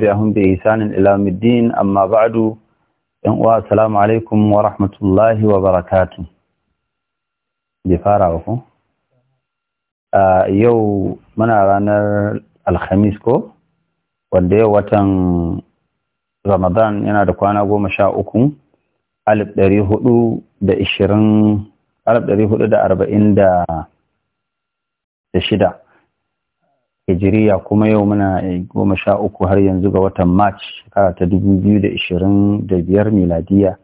تبعهم بإحسان إلى الدين أما بعد السلام wa ورحمة الله وبركاته بفارة وكو yau muna ranar alhamis ko wanda yau watan ramadan yana da kwana goma sha uku alif ɗari hudu da ishirin alif ɗari hudu da arba'in da shida hijiriya kuma yau muna eh, goma sha uku har yanzu ga watan march shekara ta dubu biyu da ishirin da biyar miladiya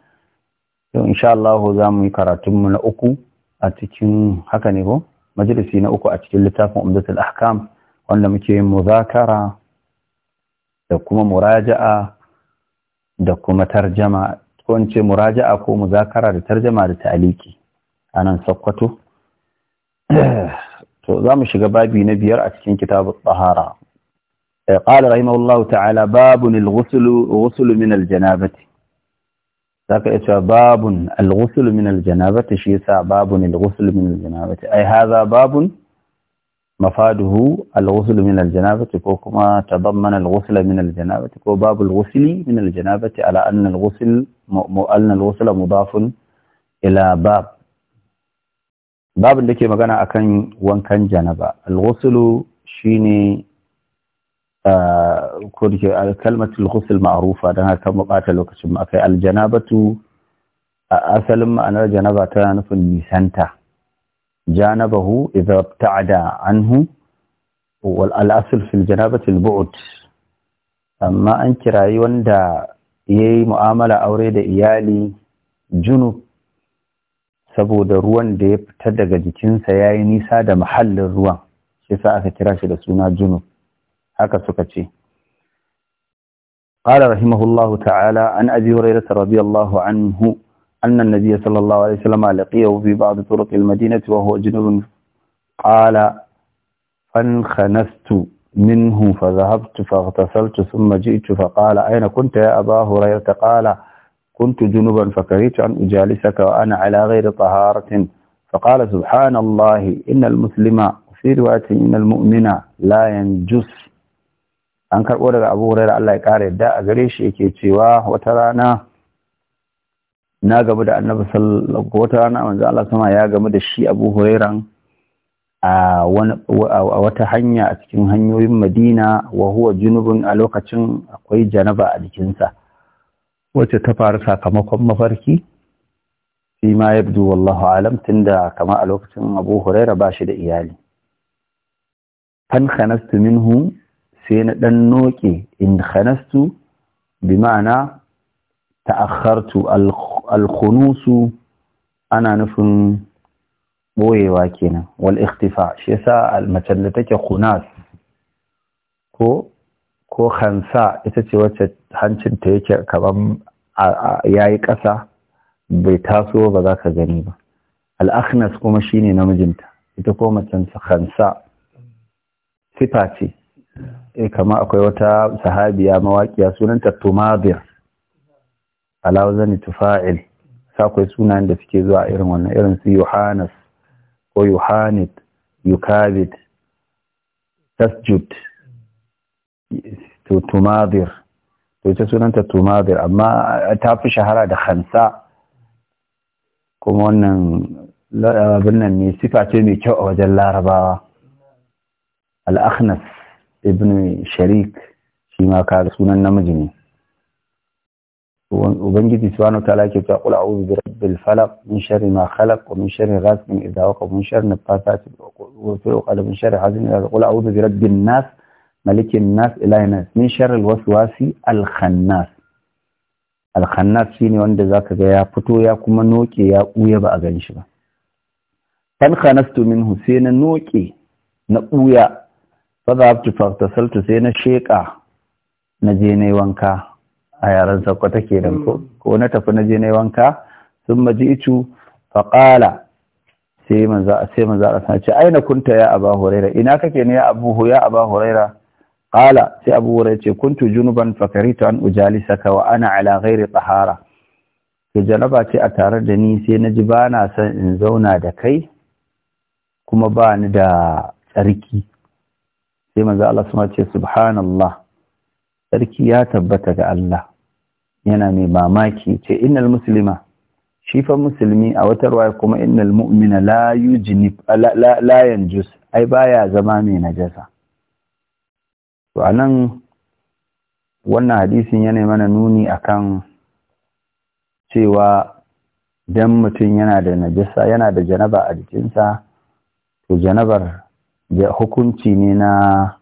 yau insha Allah za mu yi karatunmu na uku a cikin haka ne ko majalisi na uku a cikin littafin umdatul ahkam wanda muke yin muzakara da kuma muraja'a da kuma tarjama ko in ce muraja'a ko muzakara da tarjama da ta'aliki Anan nan sakkwato to za mu shiga babi na biyar a cikin kitabu tsahara ƙala eh, rahimahullahu ta'ala babun al-ghuslu min al-janabati zaka iya cewa babun al-ghuslu min al-janabati shi yasa babun al-ghuslu min al-janabati ai haza babun mafaduhu al-ghuslu min al-janabati ko kuma tadammana al-ghusla min al-janabati ko babu al-ghusli min al-janabati ala anna al-ghusl al-ghusla mudafun ila bab babin da ke magana a kan wankan janaba al shi shine uh, ko da ke alkalmatu alghusul ma'arufa dan haka mu bata lokacin mu akai al a asalin ma'anar janaba tana nufin nisanta janabahu idza ta'ada anhu wal al-asl fil janabati al-bu'd amma an kirayi wanda yayi mu'amala aure da iyali junub saboda ruwan da ya fita daga jikinsa ya yi nisa da mahallin ruwan shi sa aka kira shi da suna junub haka suka ce قال رحمه الله تعالى عن أبي هريرة رضي الله عنه أن النبي صلى الله عليه وسلم لقيه في بعض طرق المدينة وهو جنوب قال فانخنست منه فذهبت فاغتسلت ثم جئت فقال أين كنت يا أبا هريرة قال كنت جنبا فكرهت أن أجالسك وأنا على غير طهارة فقال سبحان الله إن المسلم في رواية إن المؤمن لا ينجس an karɓo daga abu Allah ya ƙara yadda a gare shi yake cewa wata rana na gamu da annabi sallallahu wata rana manzo sama ya gamu da shi abu hurairan a wata hanya a cikin hanyoyin Madina wa huwa a lokacin akwai janaba a jikinsa wacce ta faru sakamakon mafarki fi ma yabdu wallahu alam tunda kama a lokacin Abu Huraira ba shi da iyali fan khanastu minhu sai na dan noke in khanastu bi ma'ana ta'akhartu al-khunusu ana nufin boyewa kenan wal ikhtifa shi yasa al-mace da take khunas ko ko hansa ita ce wacce hancinta yake kaman ya yi ƙasa bai taso ba za ka gani ba al'akhnas kuma shi ne namijinta ita ko macen hansa sifa ce eh, kama akwai wata sahabiya mawaƙiya sunanta tumadir alawazani tufa'il sakwai sunayen da suke zuwa irin wannan irin su yohanas ko yohanit yukabit tasjud tumadir to ita sunanta tumadir amma ta fi shahara da hansa kuma wannan abin nan ne sifa ce mai kyau a wajen larabawa al-akhnas ibn sharik shi ma ka sunan namiji ne ubangiji subhanahu ta'ala ke cewa kula, a'udhu bi rabbil falaq min sharri ma khalaq wa min sharri ghasiqin idha waqab min sharri nafathati wa fil 'uqad min sharri hazin idha qul a'udhu bi rabbin nas malikin nas ilahi nas min sharril waswasi alkhannas Alkhannas shine wanda zaka ga ya fito ya kuma noke ya kuya ba a gan shi ba fan khanastu minhu sai na noke na kuya fa zahabtu sai na sheka na je nayi wanka a yaran sakwa take dan ko ko na tafi na je wanka sun ji'tu icu faƙala. sai manzo sai manzo a ce aina kunta ya aba huraira ina kake ne ya abu ya aba huraira qala sai abu hurairah ce kuntu junuban fakaritu an ujalisaka wa ana ala ghairi tahara to janaba ce a tare da ni sai naji ba na son in zauna da kai kuma ba ni da tsarki sai manzo Allah suma ce subhanallah tsarki ya tabbata ga Allah yana mai mamaki ce innal muslima shi fa musulmi a wata ruwaya kuma innal mu'mina la yujnib la la yanjus ai baya zama mai najasa to a nan, wannan hadisin yana mana nuni akan cewa dan mutum yana da najisa yana da janaba a jikinsa to janabar hukunci ne na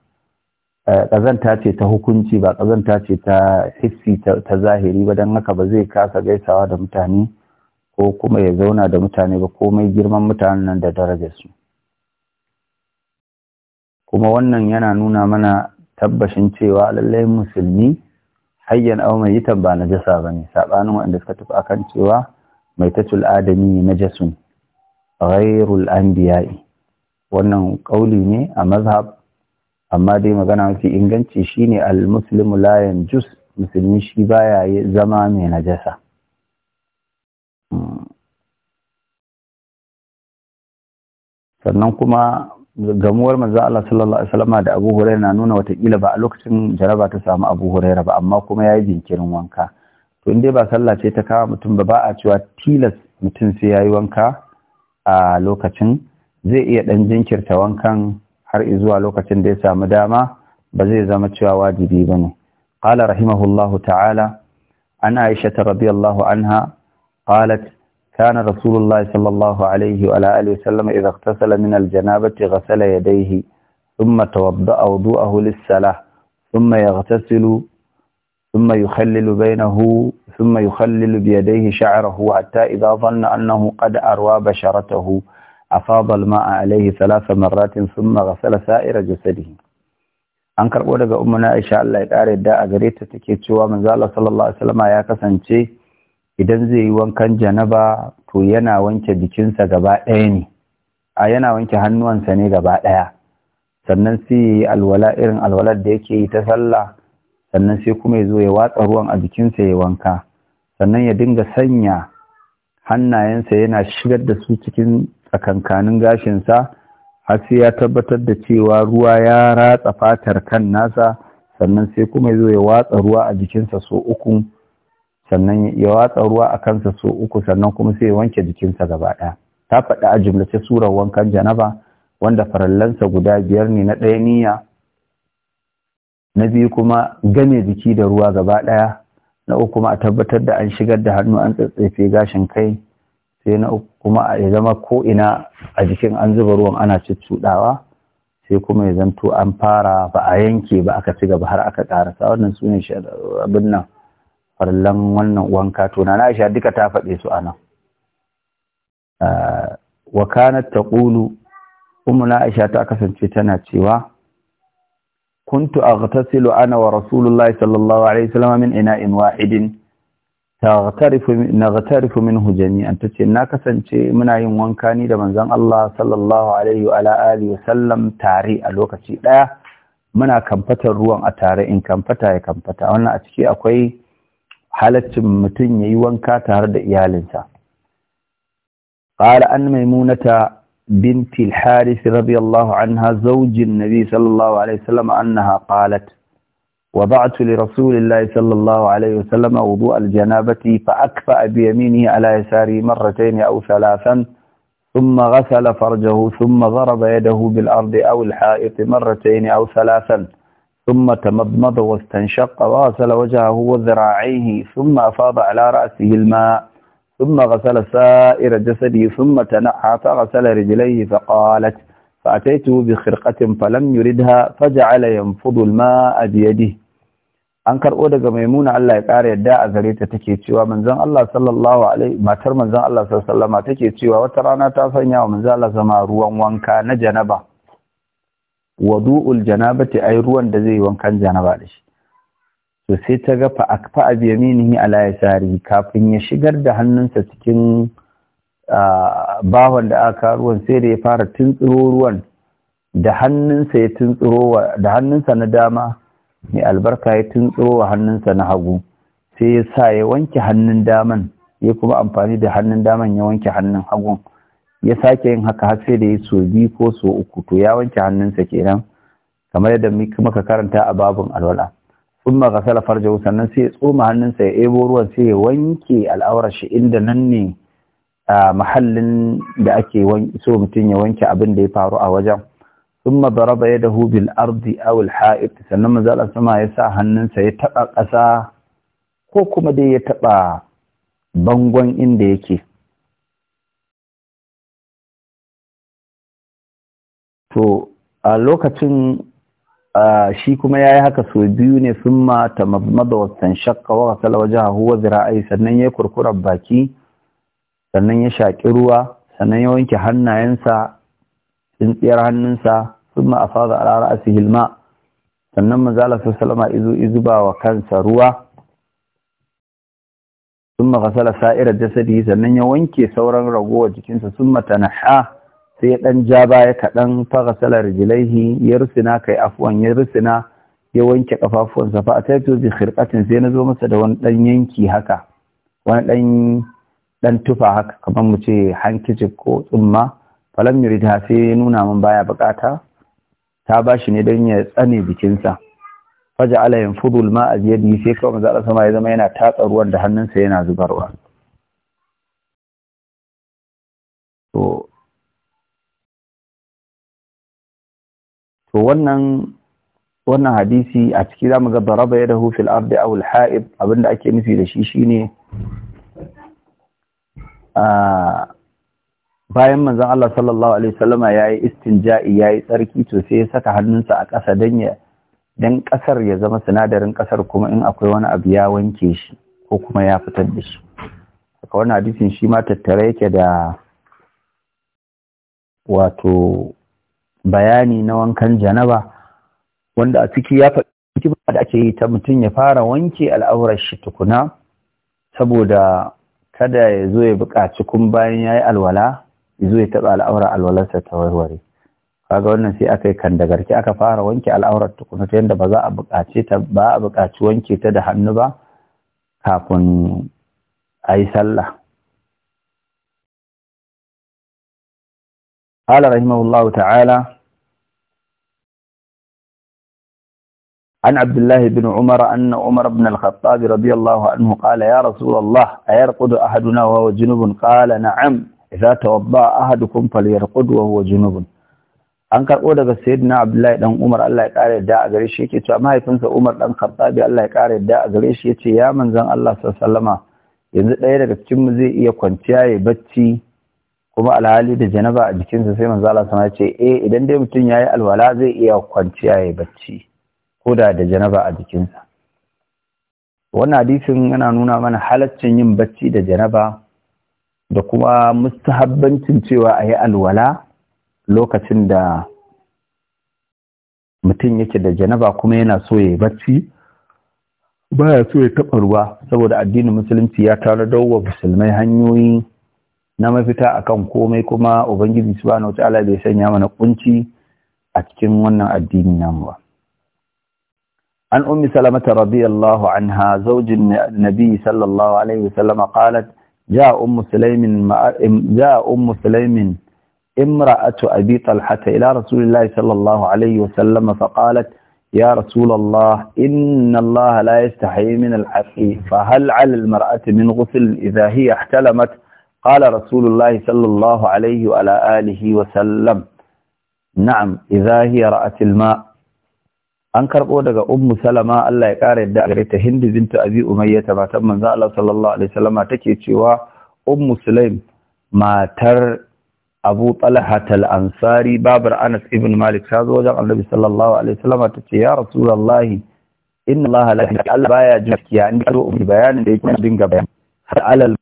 eh, ƙazanta ce ta hukunci ba ƙazanta ce ta hissi ta zahiri ba don haka ba zai kasa gaisawa da mutane ko kuma ya zauna da mutane ba komai girman mutanen nan da darajarsu kuma wannan yana nuna mana tabbashin cewa lallai musulmi hayyan aw mai yitan ba najasa bane sabanin wanda suka tafi akan cewa mai maitatul adami najasun ghairul anbiya'i wannan ƙauli ne a mazhab amma dai magana mafi inganci shine al-muslimu la yanjus musulmi shi baya zama mai najasa hmm. sannan kuma gamuwar manzo Allah sallallahu alaihi wasallam da Abu Hurairah na nuna watakila ba a lokacin jaraba ta samu Abu Hurairah ba amma kuma ya yi jinkirin wanka to in ba sallah ce ta kawo mutum ba ba a cewa tilas mutum sai yayi wanka a lokacin zai iya dan jinkirta wankan har zuwa lokacin da ya samu dama ba zai zama cewa wajibi ba bane qala rahimahullahu ta'ala ana aisha radiyallahu anha qalat كان رسول الله صلى الله عليه وعلى آله وسلم إذا اغتسل من الجنابة غسل يديه ثم توضأ وضوءه للصلاة ثم يغتسل ثم يخلل بينه ثم يخلل بيديه شعره حتى إذا ظن أنه قد أروى بشرته أفاض الماء عليه ثلاث مرات ثم غسل سائر جسده an karɓo daga أن aisha Allah ya ƙara yadda a gare ta take cewa manzo Allah sallallahu alaihi wasallam ya kasance idan zai yi wankan janaba to yana wanke jikinsa gaba ɗaya ne a yana wanke hannuwansa ne gaba ɗaya sannan sai ya yi alwala irin alwalar da yake yi ta sallah sannan sai kuma ya zo ya watsa ruwan a jikinsa ya wanka sannan ya dinga sanya hannayensa yana shigar da su cikin tsakankanin gashinsa har sai ya tabbatar da cewa ruwa ya ratsa fatar kan nasa sannan sai kuma ya zo ya watsa ruwa a jikinsa so uku sannan ya watsa ruwa a kansa so uku sannan kuma sai ya wanke jikinsa gaba ɗaya ta faɗi a jimlace surar wankan janaba wanda farallansa guda biyar ne na ɗaya niyya na biyu kuma game jiki da ruwa gaba ɗaya na uku kuma a tabbatar da an shigar da hannu an tsatsefe gashin kai sai na uku kuma a ya zama ko ina a jikin an zuba ruwan ana cuccuɗawa sai kuma ya zanto an fara ba a yanke ba aka ci gaba har aka ƙarasa wannan su ne abin nan farlan wannan wanka Tona na Aisha duka ta faɗe su anan ah, wa kanat taqulu ummu Aisha ta kasance tana cewa kuntu aghtasilu ana wa rasulullahi sallallahu alaihi wasallam min ina'in wahidin taghtarifu naghtarifu minhu jami'an tace na kasance muna yin wanka ni da manzon Allah sallallahu alaihi wa alihi wasallam tare a lokaci daya muna kamfatar ruwan a tare in kamfata ya kamfata wannan a ciki akwai halaccin mutum yayi wanka tare da iyalinsa. qala an maimunata بنت الحارث رضي الله عنها زوج النبي صلى الله عليه وسلم أنها قالت وضعت لرسول الله صلى الله عليه وسلم وضوء الجنابة فأكفأ بيمينه على يساره مرتين أو ثلاثا ثم غسل فرجه ثم ضرب يده بالأرض أو الحائط مرتين أو ثلاثا ثم تمضمض واستنشق وغسل وجهه وذراعيه ثم أفاض على رأسه الماء ثم غسل سائر جسده ثم تنحى فغسل رجليه فقالت فأتيته بخرقة فلم يردها فجعل ينفض الماء بيده an karɓo daga maimuna Allah ya ƙara yadda a gare ta take cewa manzon Allah sallallahu alaihi matar manzon Allah sallallahu alaihi take cewa wata rana ta sanya wa manzon Allah zama ruwan wanka na janaba wadu'ul janabati ai ruwan da zai wankan janaba da shi to sai ta ga fa abi yaminihi ala yasari kafin ya shigar da hannunsa cikin bawan da aka ruwan sai da ya fara tuntsuro ruwan da hannunsa ya da hannunsa na dama mai albarka ya tuntsuro wa hannunsa na hagu sai ya sa ya wanke hannun daman ya kuma amfani da hannun daman ya wanke hannun hagun ya sake yin haka har sai da ya so biyu ko so uku to ya wanke hannunsa kenan kamar yadda muka karanta a babun alwala sun ma gasala farjahu sannan sai ya tsoma hannunsa ya ebo ruwan sai ya wanke al'aurar shi inda nan ne a mahallin da ake so mutum ya wanke abin da ya faru a wajen sun ma baraba ya dahu bil ardi awul ha'id sannan maza sama ya sa hannunsa ya taɓa ƙasa ko kuma dai ya taɓa bangon inda yake to a lokacin shi kuma ya yi haka so biyu ne sun ma ta mazmada wasan shakka wa kasala waje zira'ai sannan ya kurkurar baki sannan ya shaƙi ruwa sannan ya wanke hannayensa tsintsiyar hannunsa sun ma a fada al'ara a sihilma sannan mazala su salama izu izu ba wa kansa ruwa sun ma kasala sa'irar jasadi sannan ya wanke sauran ragowar jikinsa sun ma ta naha sai ya ɗan ja baya kaɗan fara salar jilaihi ya rusina yi afuwan ya rusina ya wanke kafafuwansa fa a ataitu bi khirƙatin sai na zo masa da wani ɗan yanki haka wani ɗan ɗan tufa haka kamar mu ce hankicin ko tsumma falam yuridha sai ya nuna min baya buƙata. ta bashi ne don ya tsane jikinsa faja ala fudul ma a biyadi sai kawai za sama ya zama yana tatsa ruwan da hannunsa yana zubarwa to wannan wannan hadisi a ciki zamu ga daraba dahu fil ardi aw al ha'ib abinda ake nufi da shi shine a bayan manzon Allah sallallahu alaihi wasallama yayi istinja'i yayi tsarki to sai ya saka hannunsa a ƙasa dan ya dan ƙasar ya zama sinadarin ƙasar kuma in akwai wani abu ya wanke shi ko kuma ya fitar da shi wannan hadisin shi ma tattare yake da wato bayani na wankan janaba wanda a ciki ya faɗi da ake yi ta mutum ya fara wanke al'aurar shi tukuna saboda kada ya zo ya buƙaci kun bayan ya yi alwala ya zo ya taɓa al'aurar alwalarsa ta warware kaga wannan sai aka yi kandagarki aka fara wanke al'aurar tukuna ta yadda ba za a buƙace ta ba a buƙaci wanke ta da hannu ba kafin a yi sallah قال رحمه الله تعالى عن عبد الله بن عمر أن عمر بن الخطاب رضي الله عنه قال يا رسول الله أيرقد أحدنا وهو جنوب قال نعم إذا توضأ أحدكم فليرقد وهو جنوب an karɓo daga sayyidina abdullahi dan umar Allah ya ƙara yadda a gare shi yake cewa mahaifinsa umar dan khattabi Allah ya ƙara yadda a gare shi yace ya manzon Allah sallallahu alaihi wasallama yanzu ɗaya daga cikin mu zai iya kwanciya ya bacci kuma alhali da janaba a jikinsa sai manzo Allah sama ce eh idan dai mutum yayi alwala zai iya kwanciya yayi bacci ko da da janaba a jikinsa wannan hadisin yana nuna mana halaccin yin bacci da janaba da kuma mustahabbancin cewa ayi alwala lokacin da mutum yake da janaba kuma yana so ya yi bacci baya so ya taɓa ruwa saboda addinin musulunci ya tare da wa musulmai hanyoyi na mafita akan komai kuma ubangiji subhanahu wataala bai sanya mana kunci a cikin wannan addini namu ba an ummi salamata radiyallahu anha zaujin nabi sallallahu alaihi wasallam qalat ja ummu sulaimin ja ummu sulaimin امرأة أبي طلحة إلى رسول الله صلى الله عليه وسلم فقالت يا رسول الله إن الله لا يستحي من الحق فهل على المرأة من غسل إذا هي احتلمت قال رسول الله صلى الله عليه وعلى آله وسلم نعم إذا هي رأت الماء daga ummu salama Allah ya ƙara yadda a gare ta hindi bintu abi umayya ta matan manzo Allah sallallahu alaihi wasallama take cewa ummu sulaim matar abu talha tal ansari babar anas ibn malik ta zo wajen annabi sallallahu alaihi wasallama ta ce ya rasulullahi inna allaha la ilaha illa allah baya jin gaskiya bayanin da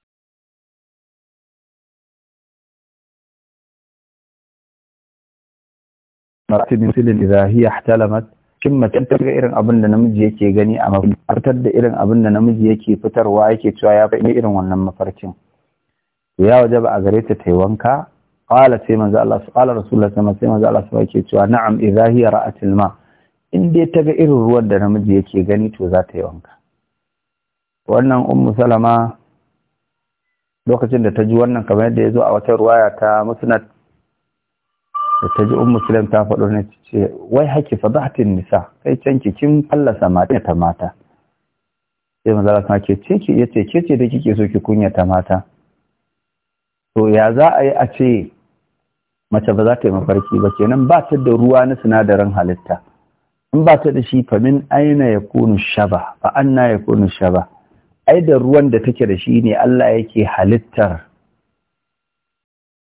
maratibin silin izahiya talamat kin mace ta ga irin abin da namiji yake gani a mafarki fitar da irin abin da namiji yake fitarwa yake cewa ya faɗi irin wannan mafarkin ya waje ba a gare ta ta yi wanka qala sai manzo Allah qala rasulullah sallallahu alaihi wasallam Allah yake cewa na'am idza hiya ra'at ma in dai ta ga irin ruwan da namiji yake gani to za ta yi wanka wannan ummu salama lokacin da ta ji wannan kamar yadda ya zo a wata ruwaya ta musnad da ta ji ummu sulaim ta faɗo ne ce wai haki fadahatin nisa kai can ki kin fallasa mata ta mata sai manzo Allah ke ce ki yace ke ce da kike so ki kunya ta mata to ya za a yi a ce mace ba za ta yi mafarki ba kenan ba ta da ruwa na sinadarin halitta in ba ta da shi fa min aina ya kunu shaba fa anna ya kunu shaba ai da ruwan da take da shi ne Allah yake halittar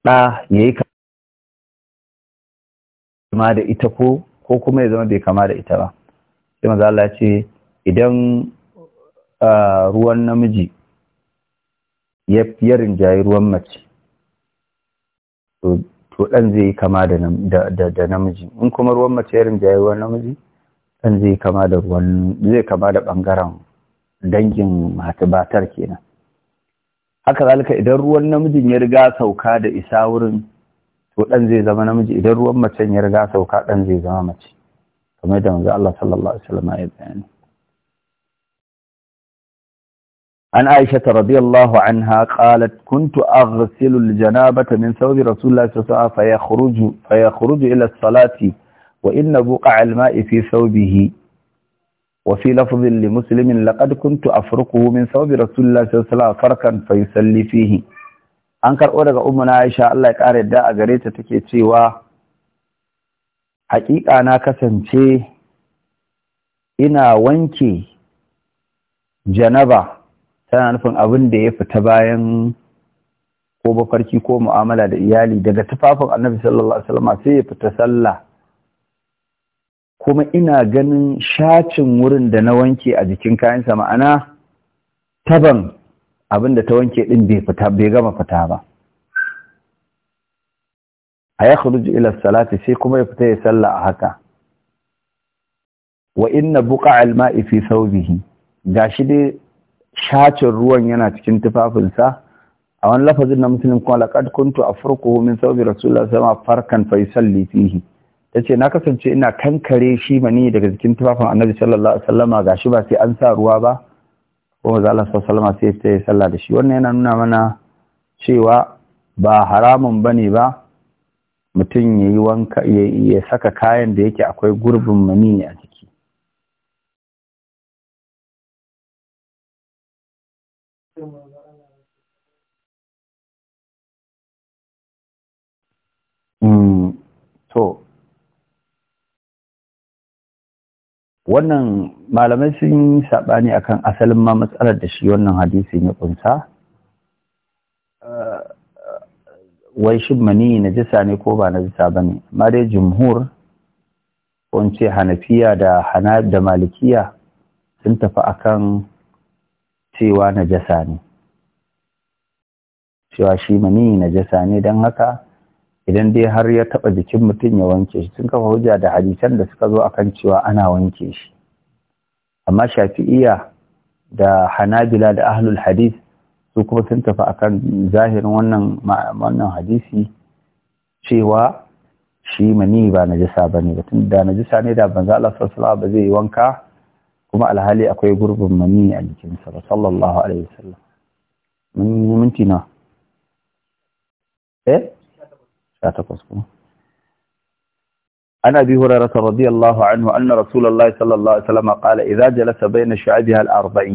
ɗa yayi ka kama da ita ko ko kuma ya zama bai kama da ita ba sai maza Allah ce idan ruwan namiji ya fiye rinjaye ruwan mace to dan zai yi kama da namiji in kuma ruwan mace ya rinjaye ruwan namiji dan zai kama da ruwan zai kama da bangaren dangin matabatar kenan haka zalika idan ruwan namijin ya riga sauka da isa wurin to dan zai zama namiji idan ruwan mace ya riga sauka dan zai zama mace kamar yadda manzo Allah sallallahu alaihi wasallam ya bayani An Aisha radiyallahu anha qalat kuntu aghsilu al-janabata min thawb Rasulillahi sallallahu alaihi wasallam ila salati wa inna buqa al-ma'i fi thawbihi wa fi lafdhin li muslimin laqad kuntu afruquhu min thawb Rasulillahi sallallahu alaihi farkan fa fihi an karɓo daga ummuna Aisha Allah ya ƙara yadda a gare ta take cewa haƙiƙa na kasance ina wanke janaba tana nufin abin da ya fita bayan ko mafarki ko mu'amala da iyali daga tufafin Annabi sallallahu alaihi wasallam sai ya fita sallah kuma ina ganin shacin wurin da na wanke a jikin kayansa ma'ana taban Abin da ta wanke din bai fita bai gama fita ba a ya khuruju ila salati sai kuma ya fita ya salla a haka wa inna buqa al-ma'i fi thawbihi gashi dai shacin ruwan yana cikin tufafinsa a wani lafazin na musulun kuma laqad kuntu a farko min thawbi rasulullah sama farkan faisal yusalli ta ce na kasance ina kankare shi mani daga cikin tufafin annabi sallallahu alaihi wasallama ga ba sai an sa ruwa ba ko maza Allah sallama sai ta yi sallah da shi wannan yana nuna mana cewa ba haramun bane ba mutum ya yi wanka ya saka kayan da yake akwai gurbin mani a jiki hmm. to wannan malamai sun yi saɓani akan asalin ma matsalar da shi wannan hadisin ya kunsa eh, wai shin mani najisa ne ko ba na najisa ba ne amma dai jumhur kunce hanafiya da hana da malikiya sun tafi akan cewa najasa ne cewa shi mani najasa ne don haka idan dai har ya taɓa jikin mutum ya wanke shi sun kafa hujja da hadisan da suka zo akan cewa ana wanke shi amma shafi'iya da hanabila da ahlul hadis su kuma sun tafi akan zahirin wannan wannan hadisi cewa shi mani ba na jisa ba na jisa ne da banza Allah sallallahu ba zai yi wanka kuma alhali akwai gurbin mani a jikinsa ba sallallahu alaihi wasallam mun minti na eh takwas kuma عن أبي هريرة رضي الله عنه أن رسول الله صلى الله عليه وسلم قال إذا جلس بين شعبها الأربع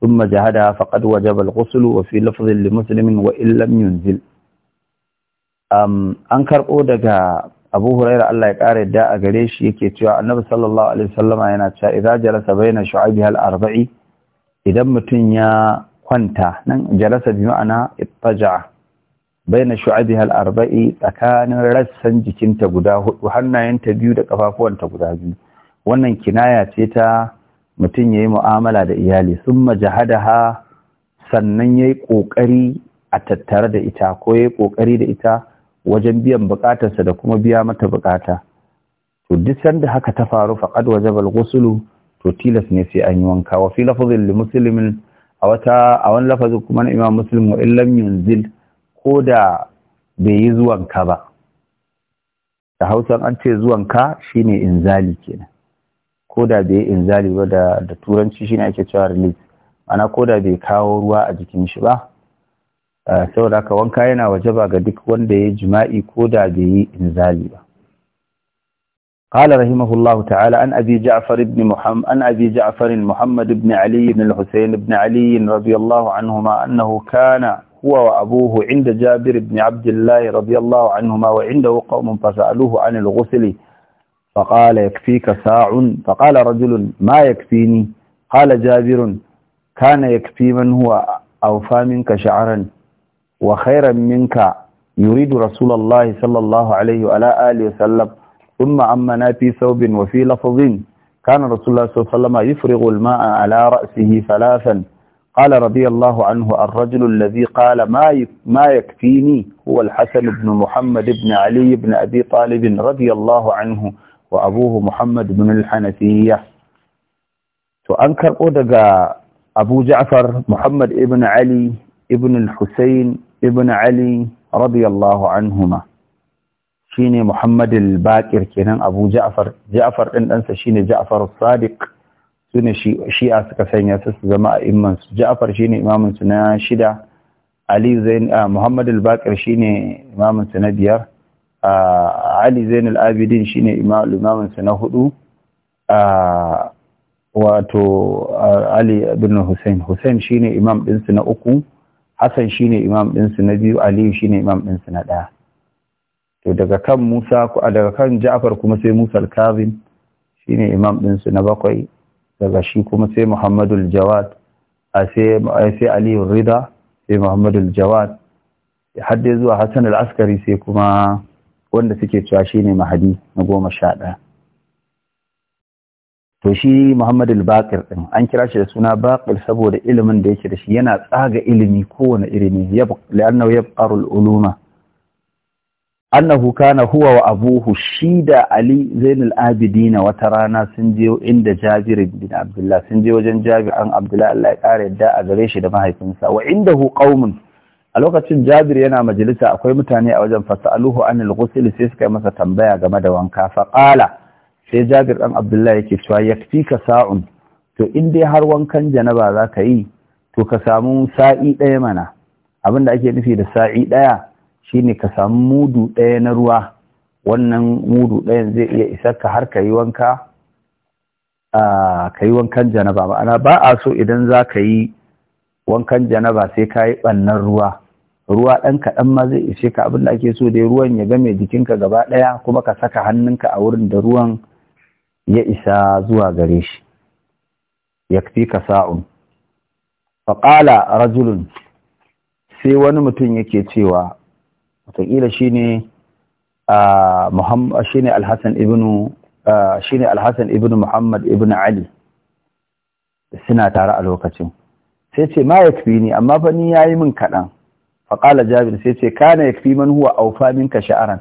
ثم جهدها فقد وجب الغسل وفي لفظ لمسلم وإن لم ينزل أم أنكر أودك أبو هريرة الله يقار الداء قريش يكيتوا النبي صلى الله عليه وسلم يناتشا إذا جلس بين شعبها الأربع إذا متن يا كنت جلس بمعنى اضطجع baina shu'abiha al-arba'i tsakanin rassan jikinta guda hudu hannayenta biyu da kafafuwanta guda biyu wannan kinaya ce ta mutum yayi mu'amala da iyali Sun summa ha sannan yayi kokari a tattare da ita ko yayi kokari da ita wajen biyan bukatarsa da kuma biya mata bukata to duk sanda haka ta faru faqad wajaba al-ghuslu to tilas ne sai an yi wanka wa fi lafazin muslimin a wata a wani lafazin kuma na imam muslim wa illam yunzil ko da bai yi zuwanka ba da hausan an ce zuwanka shine inzali kenan ko da bai yi inzali ba da da turanci shine ake cewa release ana ko da bai kawo ruwa a jikin shi ba eh, saboda haka wanka yana waje ba ga duk wanda ya jima'i ko da bai yi inzali ba قال رحمه الله تعالى عن أبي جعفر بن محمد عن أبي جعفر محمد بن علي بن الحسين بن علي رضي الله عنهما أنه كان هو وأبوه عند جابر بن عبد الله رضي الله عنهما وعنده قوم فسألوه عن الغسل فقال يكفيك ساع فقال رجل ما يكفيني قال جابر كان يكفي من هو أوفى منك شعرا وخيرا منك يريد رسول الله صلى الله عليه وعلى آله وسلم ثم عمنا في ثوب وفي لفظ كان رسول الله صلى الله عليه وسلم يفرغ الماء على رأسه ثلاثا قال رضي الله عنه الرجل الذي قال ما ما يكفيني هو الحسن بن محمد بن علي بن أبي طالب رضي الله عنه وأبوه محمد بن الحنفية وأنكر أدقى أبو جعفر محمد بن علي بن الحسين بن علي رضي الله عنهما شيني محمد الباكر كنان أبو جعفر جعفر إن أنسى شيني جعفر الصادق su ne shi'a suka sanya su su zama a imansu. ja'afar shi ne imaminsu na shida ali zain ah, muhammad al-bakir shi ne imaminsu na biyar ah, ali zain al-abidin shi ne imaminsu na hudu ah, wato ali bin hussein hussein shi ne imam ɗinsu na uku hassan shi ne imam ɗinsu na biyu aliyu shi ne imam ɗinsu na ɗaya to daga kan Musa daga kan Ja'far kuma sai Musa al-Kazim shine imam din su na bakwai daga shi kuma sai muhammadul jawad a sai aliyu rida sai Muhammadu jawad har dai zuwa hassan al'askari sai kuma wanda suke cewa shi ne mahadi na goma sha ɗaya to shi muhammadul baƙir ɗin an kira shi da suna baƙir saboda ilimin da yake da shi yana tsaga ilimi kowane ilimi li'annahu yabqarul uluma annahu kana huwa wa abuhu shi da ali zainul abidina wata rana sun je inda jabir bin abdullah sun je wajen jabir an abdullah Allah ya kare yadda a gare shi da mahaifinsa wa indahu qaumun a lokacin jabir yana majalisa akwai mutane a wajen fasaluhu anil ghusl sai suka masa tambaya game da wanka fa qala sai jabir dan abdullah yake cewa ka sa'un to in dai har wankan janaba zaka yi to ka samu sa'i ɗaya mana abinda ake nufi da sa'i ɗaya shine ka samu mudu ɗaya na ruwa wannan mudu ɗayan zai iya isar ka har ka yi wankan janaba ma'ana ba a so idan za ka yi wankan janaba sai ka yi ɓannan ruwa ruwa ɗan kaɗan ma zai ishe ka abin da ake so dai ruwan ya game jikinka gaba ɗaya kuma ka saka hannunka a wurin da ruwan ya isa zuwa gare shi fi ka sa'un faƙala rajulun sai wani mutum yake cewa wataƙila shi ne shi ne alhassan ibnu muhammad ibnu ali suna tare a lokacin sai ce ma ni amma fa ni yi min kaɗan faƙala jabir sai ce kana yakfi man huwa aufa minka sha'aran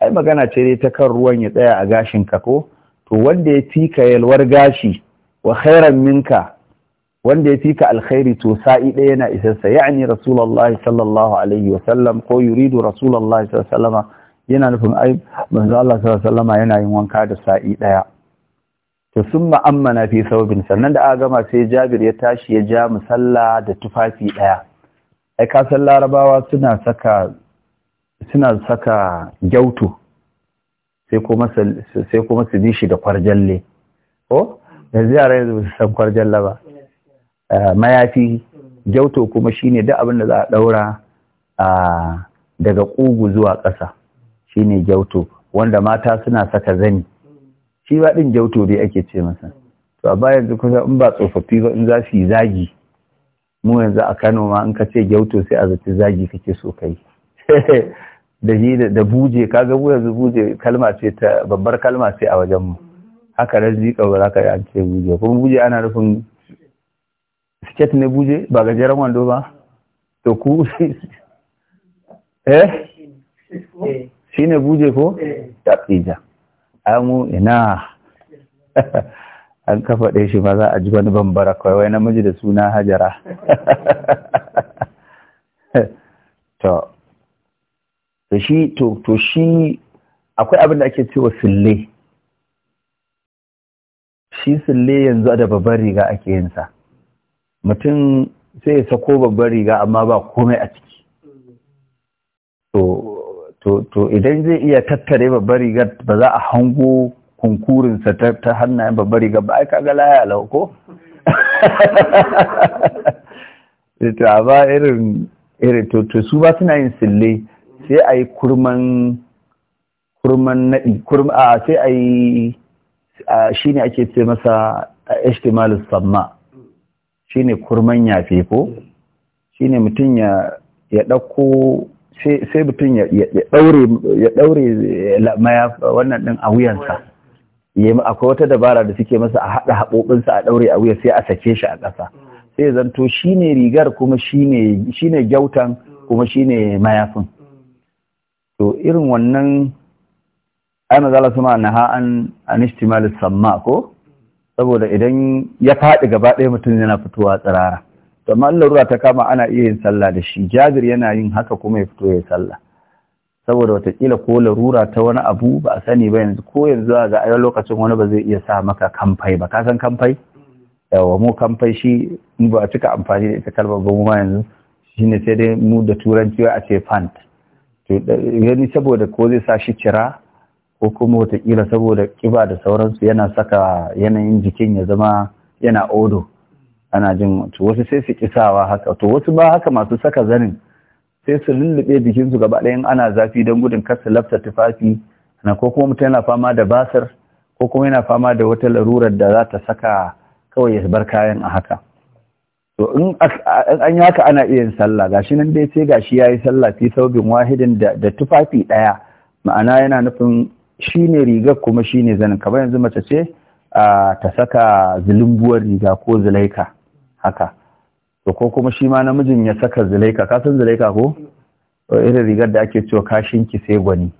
ai magana ce dai ta kan ruwan ya tsaya a gashin ka ko to wanda ya fika yalwar gashi wa khairan minka wanda ya fika alkhairi to sa'i ɗaya yana isarsa ya'ani rasulullahi sallallahu alaihi wa sallam ko yuridu rasulullahi sallallahu alaihi wa sallama yana nufin ai manzo Allah sallallahu alaihi wa sallama yana yin wanka da sa'i ɗaya to sun ma'ammana fi saubin sannan da aka gama sai Jabir ya tashi ya ja musalla da tufafi ɗaya ai ka san Larabawa suna saka suna saka gyautu sai kuma sai kuma su bi shi da kwarjalle ko yanzu yara yanzu su san kwarjalla ba mayafi gyauto kuma shine duk abin da za a daura daga ƙugu zuwa ƙasa shine gyauto wanda mata suna saka zani shi ba din gyauto dai ake ce masa to a bayan yanzu kusa in ba tsofaffi ba in za su yi zagi mu yanzu a Kano ma in ka ce gyauto sai a zaci zagi kake so kai da da buje kaga mu yanzu buje kalma ce ta babbar kalma ce a wajen mu haka razika ba za ka yi an ce buje kuma buje ana nufin Sket ne buje ba gajeren wando ba to ku eh shi ne buje ko tafija amu ina an kafa ɗaya shi ba za a ji wani bambara kawai namiji da suna hajara to shi to shi akwai abin da ake cewa sille shi sille yanzu da babbar riga ake yinsa mutum sai ya sako babbar riga amma ba komai a ciki to idan zai iya tattare babbar rigar ba za a hango kunkurinsa ta hannayen babbar rigar ba ai kaga laya lau ko to ba irin irin to su ba suna yin sille sai a yi kurman kurman naɗi sai a yi shi ne ake ce masa a samma shine kurman yafe ko shine mutum ya ɗauko sai mutum ya ɗaure wannan ɗin a wuyansa akwai wata dabara da suke masa a haɗa haɓobinsa a ɗaure a wuya sai a sake shi a ƙasa sai zanto shi ne rigar kuma shi ne gyautan kuma shi ne mayafin to irin wannan ana zala suma na ha'an an ishtimal samma ko saboda idan ya faɗi gaba ɗaya mutum yana fitowa tsirara to amma larura ta kama ana iya yin sallah da shi jabir yana yin haka kuma ya fito ya sallah saboda watakila ko larura ta wani abu ba a sani ba yanzu ko yanzu a ga a lokacin wani ba zai iya sa maka kamfai ba ka san kamfai yawa mu kamfai shi in ba a cika amfani da ita kalmar ba mu ma yanzu shine sai dai mu da turanci a ce fant to saboda ko zai sa shi cira ko kuma watakila saboda kiba da sauransu yana saka yanayin jikin ya zama yana odo ana jin to wasu sai su kisawa haka to wasu ba haka masu saka zanin sai su lullube jikinsu gaba ɗayan ana zafi don gudun kasa lafta tufafi na ko kuma mutum yana fama da basar, ko kuma yana fama da wata larurar da za ta saka kawai ya bar kayan a haka to in an yi haka ana iya yin sallah gashi nan dai sai gashi yayi sallah fi saubin wahidin da tufafi ɗaya ma'ana yana nufin shine rigar kuma shine zanin kamar yanzu mace ce ta saka zulumbuwar riga ko zulaika haka to ko kuma shi ma namijin ya saka zulaika ka san zulaika ko irin rigar da ake cewa kashin ki sai gwani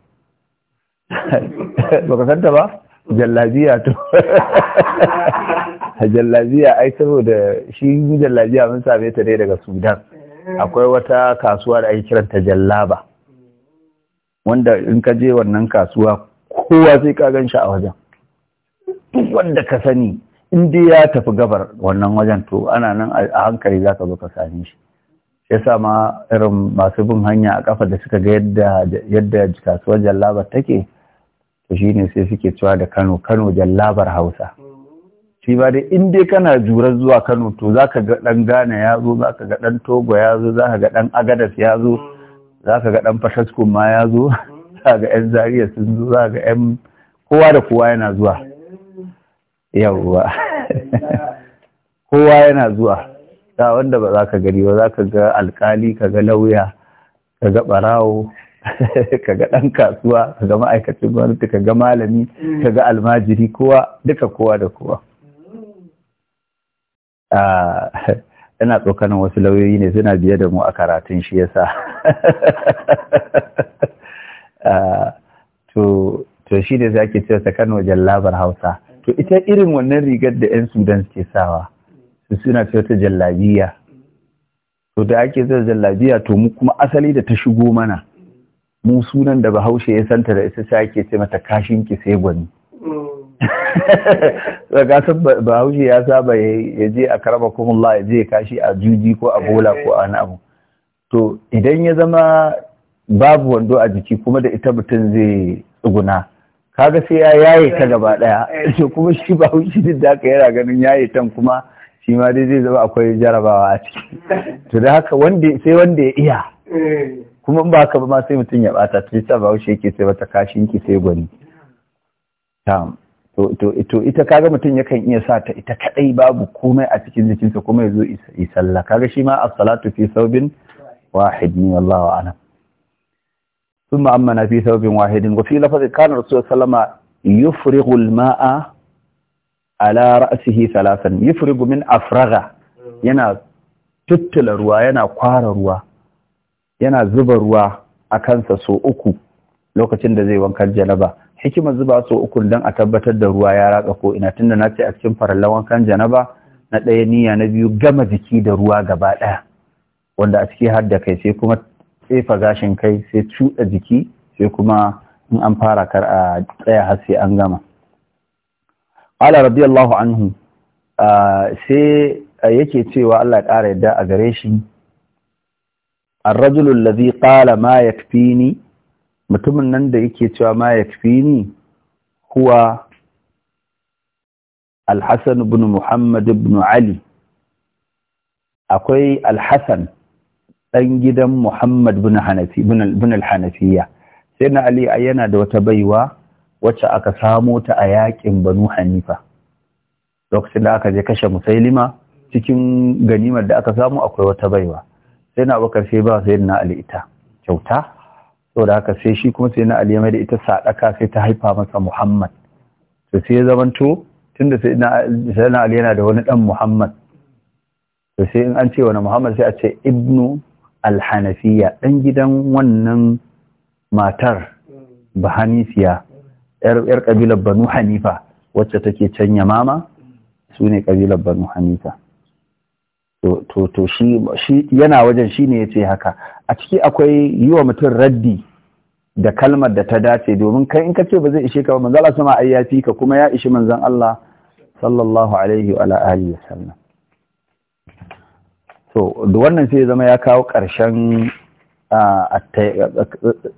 baka santa ba jallabiya to jallabiya ai saboda shi jallabiya mun same ta dai daga Sudan akwai wata kasuwa da ake kiranta jallaba wanda in ka je wannan kasuwa kowa sai ka gan shi a wajen duk wanda ka sani in dai ya tafi gabar wannan wajen to ana nan a hankali za ka zo ka same shi ya sa ma irin masu bin hanya a kafa da suka ga yadda kasuwar jallabar take to shi ne sai suke cewa da kano kano jallabar hausa shi ba dai in dai kana jurar zuwa Kano to za ka ga dan Ghana ya zo za ka ga dan Togo ya zo za ka ga dan Agadas ya zo za ka ga dan Fashaskun ma ya zo za ga 'yan zariya sun zo ga 'yan kowa da kowa yana zuwa yawwa kowa yana zuwa ga wanda ba za ka gari ba za ka ga alkali ka ga lauya ka ga barawo ka ga ɗan kasuwa ka ga ma'aikacin gwamnati ka ga malami ka ga almajiri kowa duka kowa da kowa ah, ina tsokanin wasu lauyoyi ne suna biye da mu a karatun shi yasa to shi da zaki ce ta Kano jallabar Hausa to ita irin wannan rigar da 'yan Sudan suke sawa su suna ce ta jallabiya to da ake zai jallabiya to mu kuma asali da ta shigo mana mu sunan da Bahaushe ya santa da ita sai ake ce mata kashin ki sai gwani mm. ga san Bahaushe ya saba ya je a karaba kuma la'a ya je kashi a juji ko a bola ko a wani to idan ya zama babu wando a jiki kuma da ita mutum zai tsuguna kaga sai ya yaye ta gaba daya to eh. kuma shi ba wuce da aka yana ganin yaye tan kuma shi ma dai zai zama akwai jarabawa a ciki to da haka wanda sai wanda ya iya eh. kuma ba haka ba ma sai mutum ya bata to ta ba wuce yake sai wata kashin ki sai gwani to to to ita kaga mutum yakan iya sa ta ita kadai babu komai a cikin jikinsa kuma yazo yi sallah kaga shi ma as-salatu fi thawbin wahid ni wallahu a'lam ثم أمنا في ثوب واحد وفي لفظ كان الرسول صلى الله عليه وسلم يفرغ الماء على رأسه ثلاثا يفرغ من أفرغ ينا تتل روا ينا قار روا ينا روا lokacin da zai wankan janaba hikimar zuba sau uku dan a tabbatar da ruwa ya ratsa ko ina tunda na ce a cikin farallawan wankan janaba na ɗaya niyya na biyu gama jiki da ruwa gaba ɗaya wanda a ciki har da kai sai kuma tsefa gashin kai sai cuɗa jiki sai kuma in an fara kar a tsaya har sai an gama ala radiyallahu anhu sai yake cewa Allah ya ƙara yadda a gare shi ar-rajulu allazi qala ma ni? mutumin nan da yake cewa ma yakfini huwa al-hasan ibn muhammad ali akwai AlHassan. ɗan gidan Muhammad bin al-Hanafiya sai na Ali yana da wata baiwa wacce aka samo ta a yakin Banu Hanifa lokacin da aka je kashe Musailima cikin ganimar da aka samu akwai wata baiwa sai na Abubakar sai ba sai na Ali ita kyauta da haka sai shi kuma sai na Ali ya da ita sadaka sai ta haifa masa Muhammad to sai ya zamanto tunda sai na Ali yana da wani ɗan Muhammad to sai in an ce wani Muhammad sai a ce ibnu alhanafiya ɗan gidan wannan matar ba hanifiya ‘yar ƙabilar banu hanifa wacce take can yamama su ne ƙabilar banu hanifa to shi yana wajen shi ne ya ce haka a ciki akwai yi wa mutum raddi da kalmar da ta dace domin kai in ka ce ba zai ishe ka ba manzala sama ayyafi ka kuma ya ishi manzan Allah sallallahu alaihi wa alihi wa sallam to da wannan sai zama ya kawo ƙarshen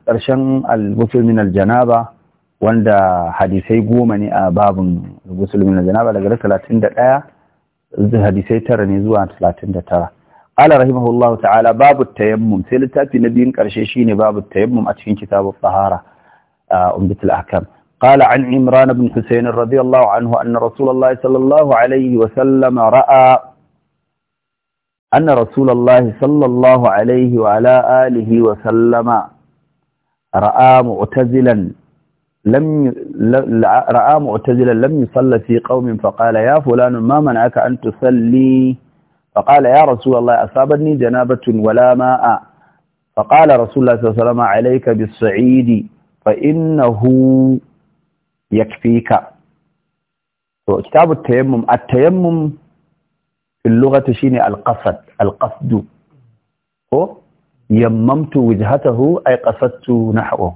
ƙarshen al-musulmin al-janaba wanda hadisai goma ne a babin musulmin al-janaba daga talatin da hadisai tara ne zuwa talatin da tara ala rahimahullah ta'ala babu tayammum sai littafi na biyun ƙarshe shine babu tayammum a cikin kitabu tsahara umdatul ahkam قال عن عمران بن حسين رضي الله عنه أن رسول الله صلى الله عليه وسلم رأى أن رسول الله صلى الله عليه وعلى آله وسلم رأى معتزلا لم رأى معتزلا لم يصلى في قوم فقال يا فلان ما منعك أن تصلي فقال يا رسول الله أصابتني جنابة ولا ماء فقال رسول الله صلى الله عليه وسلم عليك بالصعيد فإنه يكفيك كتاب التيمم التيمم اللغة شيني القصد القصد هو يممت وجهته أي قصدت نحوه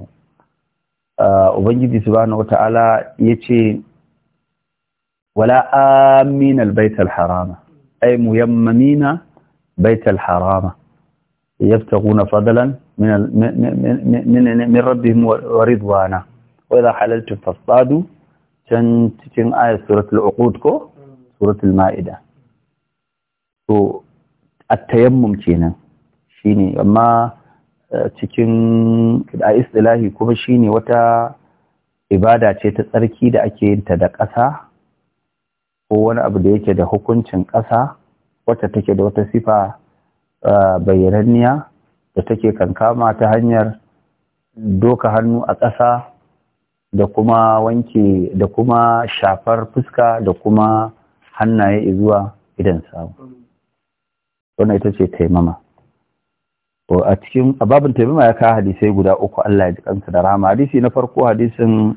آه، وبنجد سبحانه وتعالى يتي ولا آمين البيت الحرام أي ميممين بيت الحرام يبتغون فضلا من من من من ربهم ورضوانا وإذا حللت فاصطادوا تنتين آية سورة العقود كو سورة المائدة to tayammum kenan shine amma eh, cikin a istilahi kuma shine wata ibada ce ta tsarki da ake yin ta da ƙasa ko wani abu da yake da hukuncin ƙasa wata take da wata sifa eh, bayyananniya da take kankama ta hanyar doka hannu a ƙasa da kuma wanke da kuma shafar fuska da kuma hannaye zuwa idan samu. wannan ita ce taimama a cikin babin taimama ya kawo hadisai guda uku Allah ya ji kansa da rama. hadisi na farko hadisin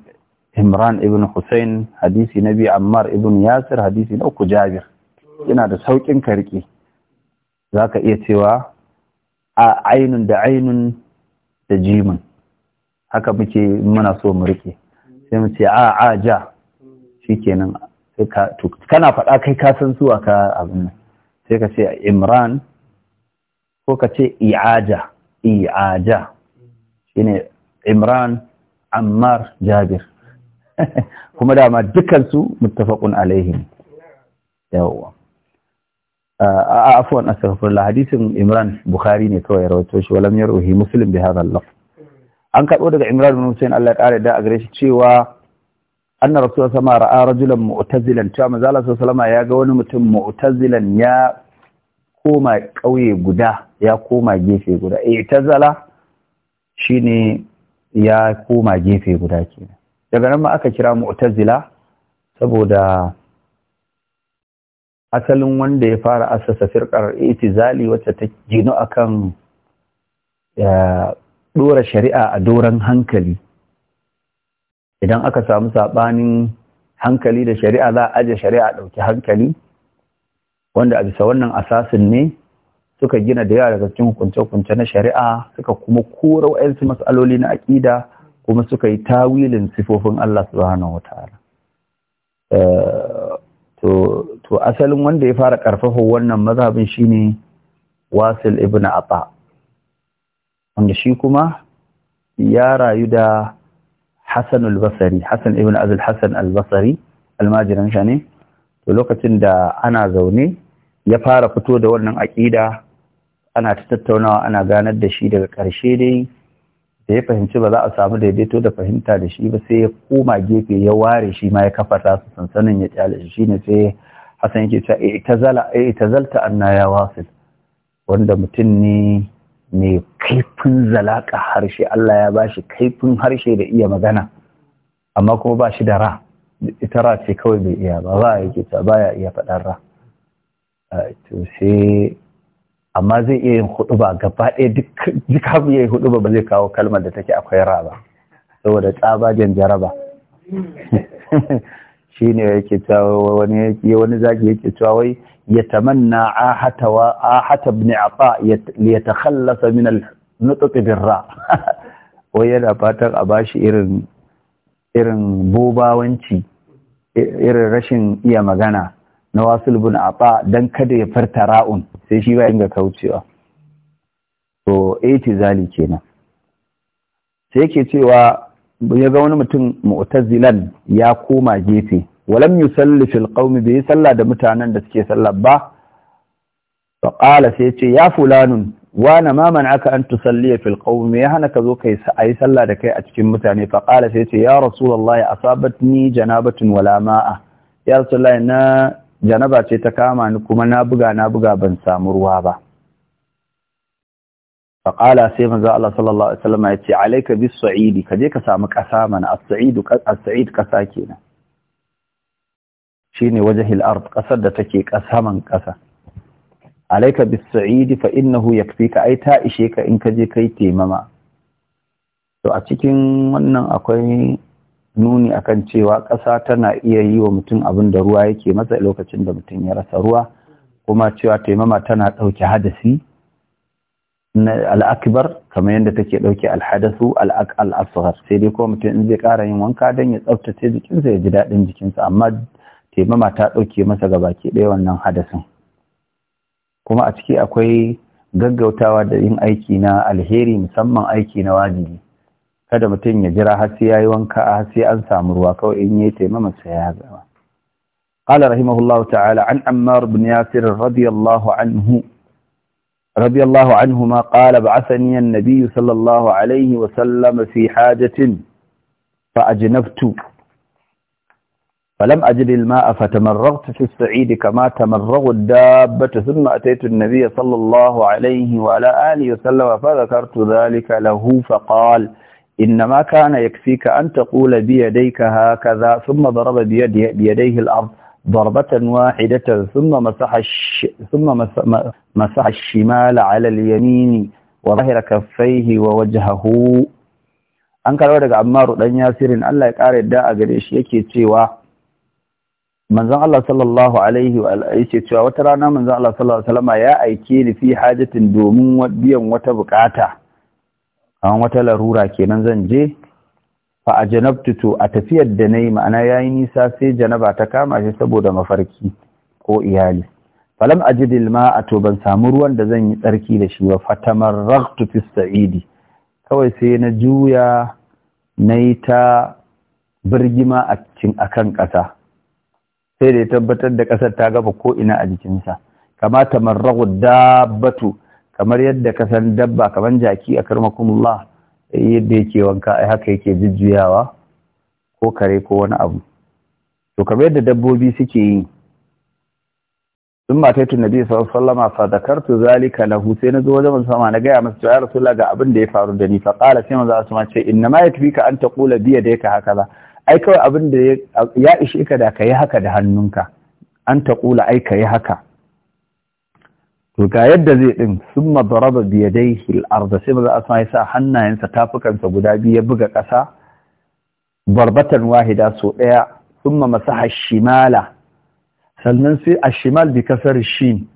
Imran ibn Hussein hadisi na biyu Ammar ibn Yasir hadisi na uku Jabir yana da saukin karki zaka iya cewa a ainun da ainun da jimin haka muke muna so mu rike sai mu ce a a ja Shi kenan. kana faɗa kai ka san zuwa ka abin nan sai ka ce imran ko ka ce i'aja i'aja shine imran ammar jabir kuma dama dukansu muttafaqun alaihim yawwa a afwan astaghfirullah hadisin imran bukhari ne kawai rawaito shi walam yaruhi muslim bi hadha al an kaɗo daga imran bin Allah ya kare da a gare shi cewa anna rasulullah sama ra'a rajulan mu'tazilan cewa manzo Allah sallama ya ga wani mutum mu'tazilan ya koma kauye guda ya koma gefe guda i'tazala shine ya koma gefe guda kenan daga nan ma aka kira mu'tazila saboda asalin wanda ya fara asasa firqar i'tizali wacce ta jinu akan eh, dora shari'a a doran hankali idan aka samu saɓanin hankali da shari'a za a aje shari'a ɗauki hankali wanda a bisa wannan asasin ne suka gina da yawa daga cikin hukunce-hukunce na shari'a suka kuma kora wa'yansu matsaloli na aƙida kuma suka yi tawilin sifofin Allah subhanahu wataala eh, to asalin wanda ya fara ƙarfafa wannan mazhabin shine wasil ibn Abba. wanda shi kuma ya rayu da Hassan al Hassan ibn Abdul Hassan al-Basri almajiran shi ne to lokacin da ana zaune ya fara fito da wannan aƙida ana ta tattaunawa ana ganar da shi daga ƙarshe dai da ya fahimci ba za a samu daidaito da fahimta da shi ba sai ya koma gefe ya ware shi ma ya kafa su sansanin ya kyale shi ne sai Hassan yake cewa eh tazala eh tazalta na ya wasil wanda mutum ne mai kaifin zalaka harshe Allah ya bashi kaifin harshe da iya magana amma kuma ba shi da ra ita ra ce kawai bai iya ba ba yake ta baya iya faɗar ra to sai amma zai iya yin hudu ba gaba ɗaya duk abu ya yi hudu ba ba zai kawo kalmar da take akwai ra ba saboda jan jaraba shi ne yake cewa wani zaki yake cewa wai يتمنى عاهة وعاهة ابن عطاء ليتخلص من النطق بالراء ويلا فاتر أباشي إرن إرن بوبا وانشي إرن رشن إيا مغانا نواصل بن عطاء دن كده يفرت راء سيشي بأنك كوتسيوا to itizali kenan sai yake cewa ya ga wani mutum mu'tazilan ya koma gefe walam yusalli fil qaumi bai salla da mutanen da suke salla ba fa sai ce ya fulanun wa na ma man'aka an tusalli fil qaumi ya hana ka zo kai ayi salla da kai a cikin mutane fa sai ce ya rasulullahi asabatni janabatun wala ma'a ya rasulullahi na janaba ce ta kama ni kuma na buga na buga ban samu ruwa ba faƙala sai manzo Allah sallallahu alaihi wasallam ya ce alayka bis sa'idi ka je ka samu ƙasa a as-sa'id as-sa'id ƙasa kenan ne wajhil ard kasar da take kasaman ƙasa? alayka bis saidi fa innahu yakfika ai ta ishe ka in ka je kai taimama to a cikin wannan akwai nuni akan cewa ƙasa tana iya yi wa mutum abin da ruwa yake masa lokacin da mutum ya rasa ruwa kuma cewa taimama tana ɗauke hadasi akbar kamar yadda take ɗauke alhadasu al'asghar sai dai kuma mutum in zai ƙara yin wanka dan ya tsaftace jikinsa ya ji daɗin jikinsa amma taimama ta ɗauke masa gabaki ɗaya wannan hadasin kuma a ciki akwai gaggautawa da yin aiki na alheri musamman aiki na wajibi kada mutum ya jira har sai yayi wanka har sai an samu ruwa kawai in yayi taimama sai ya gaba قال رحمه الله تعالى عن عمار بن radiyallahu anhu الله عنه رضي الله عنهما قال بعثني النبي صلى الله عليه وسلم في حاجة فأجنبت فلم أجد الماء فتمرغت في السعيد كما تمرغ الدابة ثم أتيت النبي صلى الله عليه وعلى آله وسلم فذكرت ذلك له فقال إنما كان يكفيك أن تقول بيديك هكذا ثم ضرب بيدي بيديه الأرض ضربة واحدة ثم مسح الش... ثم مسح الشمال على اليمين وظهر كفيه ووجهه أنكر karbar عمار بن ياسر Yasirin Allah ya kare قريش يكي gare manzon Allah sallallahu alaihi wa alihi cewa wata rana manzon Allah sallallahu alaihi ya aike ni fi hajatin domin biyan wata bukata an wata larura kenan zan je fa ajanabtu to a tafiyar da nayi ma'ana yayi nisa sai janaba ta kama shi saboda mafarki ko iyali falam ajidil a to ban samu ruwan da zan yi tsarki da shi ba fatamarraqtu fi sa'idi kawai sai na juya nayi ta birgima a cikin akan ƙasa sai da ya tabbatar da ƙasar ta gaba ko ina a jikinsa kama ragu dabbatu kamar yadda kasan dabba kamar jaki a karmakumullah eh, yadda yake wanka ai haka yake jujjuyawa ko kare ko wani abu to kamar yadda dabbobi suke yi sun tun nabi sallama sadakartu zalika lahu sai na zo wajen sama na gaya masa ya rasu ga abin da ya faru da ni fa sai su su ce inna ma ka an ta biya ya ka haka ba. ai kawai abin da ya ishe ka da ka yi haka da hannunka an ta ƙula ai ka yi haka to ga yadda zai ɗin sun madaraba biyadai al'arda sai maza asma sa hannayensa tafukansa guda biyu ya buga ƙasa barbatan wahida so ɗaya sun ma masa shimala sannan sai a shimal bi kasar shin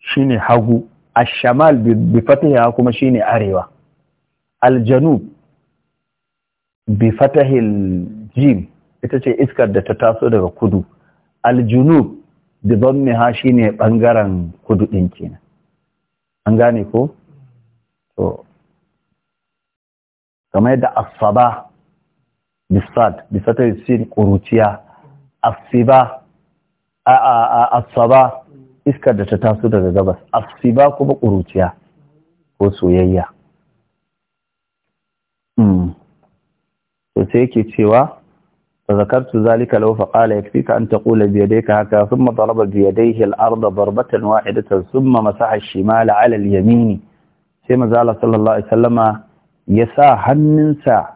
shine hagu a shamal bi fatiha kuma shine arewa aljanub bi fatahil jim ita ce iskar da ta taso daga kudu aljunub ha shi ne bangaren kudu din kenan an gane ko to kamar yadda asaba bisad bisata sin kuruciya asiba asaba iskar da ta taso daga gabas asiba kuma kuruciya ko soyayya hmm. sai yake cewa فذكرت ذلك له فقال يكفيك أن تقول بيديك هكذا ثم ضرب بيديه الأرض ضربة واحدة ثم مسح الشمال على اليمين كما زال صلى الله عليه وسلم يسا هننسا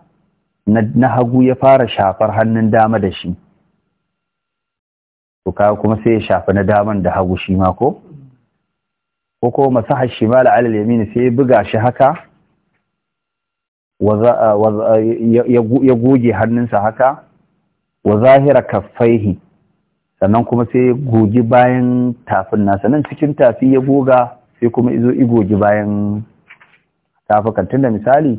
نهجو يفار شافر هنن دام دشي وكاو كما سي شاف ندامن da hagu shi ma ko ko ko masaha shimal ala al-yamin sai buga shi haka ya goge hannunsa haka wa zahira kaffaihi sannan kuma sai goge bayan tafin na sannan cikin tafi ya goga sai kuma izo goge bayan tafukan tunda misali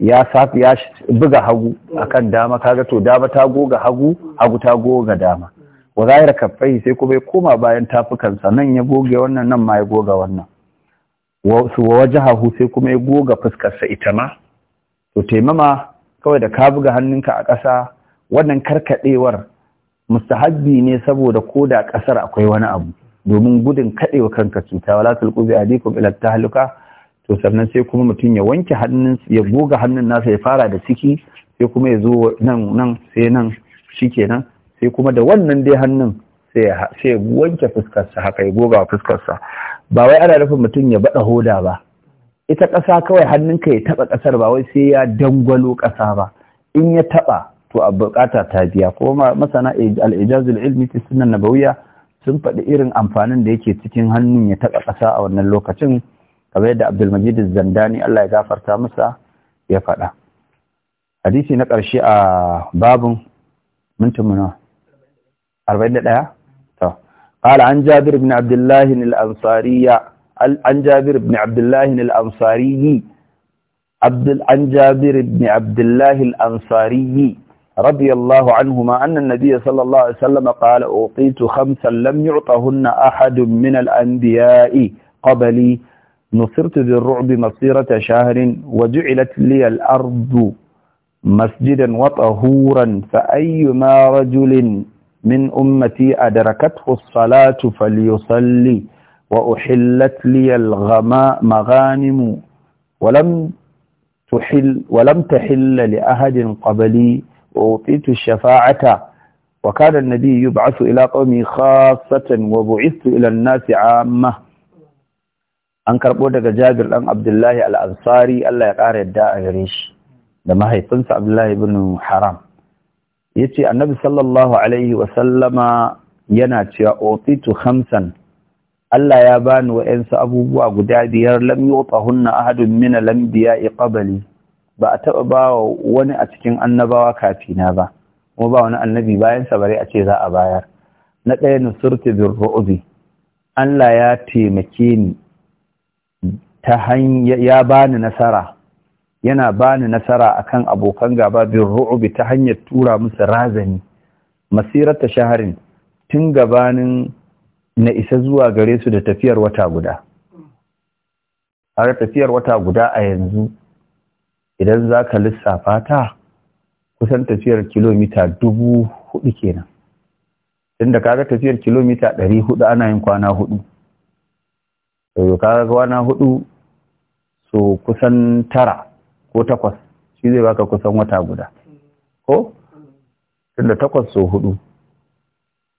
ya safi ya buga hagu akan dama ka ga to dama ta goga hagu hagu ta goga dama wa zahira kaffaihi sai kuma ya koma bayan tafukan sannan ya goge wannan nan ma ya goga wannan wa wajahahu sai kuma ya goga fuskarsa ita ma to taimama kawai da ka buga hannunka a ƙasa wannan karkadewar mustahabbi ne saboda ko da kasar akwai wani abu domin gudun kadewa kanka cuta wala tulqu bi adikum ila tahluka to sannan sai kuma mutum ya wanke hannun ya goga hannun nasa ya fara da ciki sai kuma ya zo nan nan sai nan shikenan sai kuma da wannan dai hannun sai ya wanke fuskarsa haka ya goga fuskarsa ba wai ana nufin mutum ya baɗa hoda ba ita ƙasa kawai hannunka ya taɓa ƙasar ba wai sai ya dangwalo ƙasa ba in ya taɓa to a bukata ta biya ko masana al-ijazul ilmi fi sunan nabawiyya sun faɗi irin amfanin da yake cikin hannun ya taɓa ƙasa a wannan lokacin kamar yadda Abdulmajid Zandani Allah ya gafarta masa ya faɗa hadisi na ƙarshe a babun mintin muna 41 to qala an Jabir ibn Abdullah al-Ansari an Jabir ibn Abdullah al-Ansari Abdul an Jabir ibn Abdullah al-Ansari رضي الله عنهما أن النبي صلى الله عليه وسلم قال أعطيت خمسا لم يعطهن أحد من الأنبياء قبلي نصرت ذي الرعب مصيرة شهر وجعلت لي الأرض مسجدا وطهورا فأيما رجل من أمتي أدركته الصلاة فليصلي وأحلت لي مغانم ولم تحل ولم تحل لأحد قبلي وأوطيت الشفاعة وكان النبي يبعث إلى قومي خاصة وبعثت إلى الناس عامة an karɓo daga jabir ɗan abdullahi al'ansari Allah ya ƙara yadda a gare shi da mahaifinsa abdullahi bin haram ya ce annabi sallallahu alaihi wasallama yana cewa otitu hamsan Allah ya bani wa'yansu abubuwa guda biyar lam yi hunna ahadun mina lambiya iqabali ba a taɓa ba wani a cikin annabawa kafina ba kuma ba wani annabi bayan bare a ce za a bayar na ɗaya nusurtu bin ru'ubi Allah ya taimake ni ta hanya ya bani nasara yana bani nasara akan abokan gaba bin ru'ubi ta hanyar tura musu razani masirar ta shaharin tun gabanin na isa zuwa gare su da tafiyar wata guda a tafiyar wata guda a yanzu idan za ka lissafa ta kusan tafiyar kilomita dubu hudu kenan tunda kaga tafiyar kilomita ɗari hudu ana yin kwana hudu to kaga kwana hudu so kusan tara ko takwas shi zai baka kusan wata guda ko tunda takwas so hudu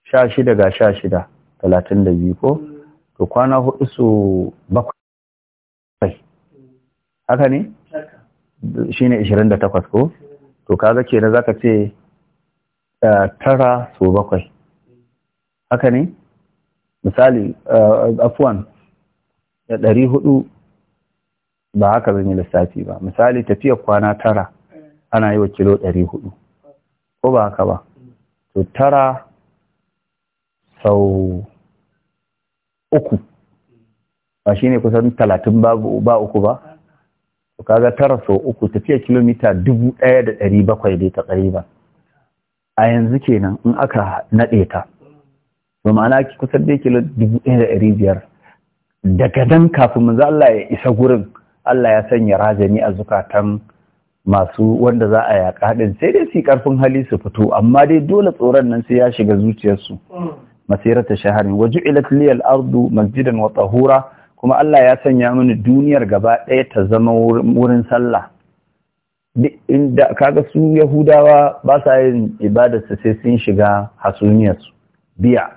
sha shida ga sha shida talatin da biyu ko to kwana hudu so bakwai haka ne shine 28 ko to kaga kenan zaka ce eh, tara so bakwai haka ne misali eh, afwan da ɗari hudu ba haka zan yi lissafi ba misali tafiyar kwana tara ana yi wa kilo ɗari hudu ko ba haka ba to tara sau uku ba shi ne kusan talatin ba uku ba to kaga tara sau uku tafiya kilomita dubu ɗaya da ɗari bakwai dai ta ba a yanzu kenan in aka naɗe ta Ba ma'ana kusan dai kilo dubu ɗaya da ɗari biyar daga nan kafin za Allah ya isa gurin Allah ya sanya rajani a zukatan masu wanda za a yaƙa ɗin sai dai su ƙarfin hali su fito amma dai dole tsoron nan sai ya shiga zuciyarsu mm. masirata shaharin waje ilat liyal ardu masjidan wa tahura kuma Allah ya sanya mini duniyar gaba ɗaya ta zama wurin sallah inda kaga su yahudawa ba sa yin ibadarsa sai sun shiga hasumiyarsu biya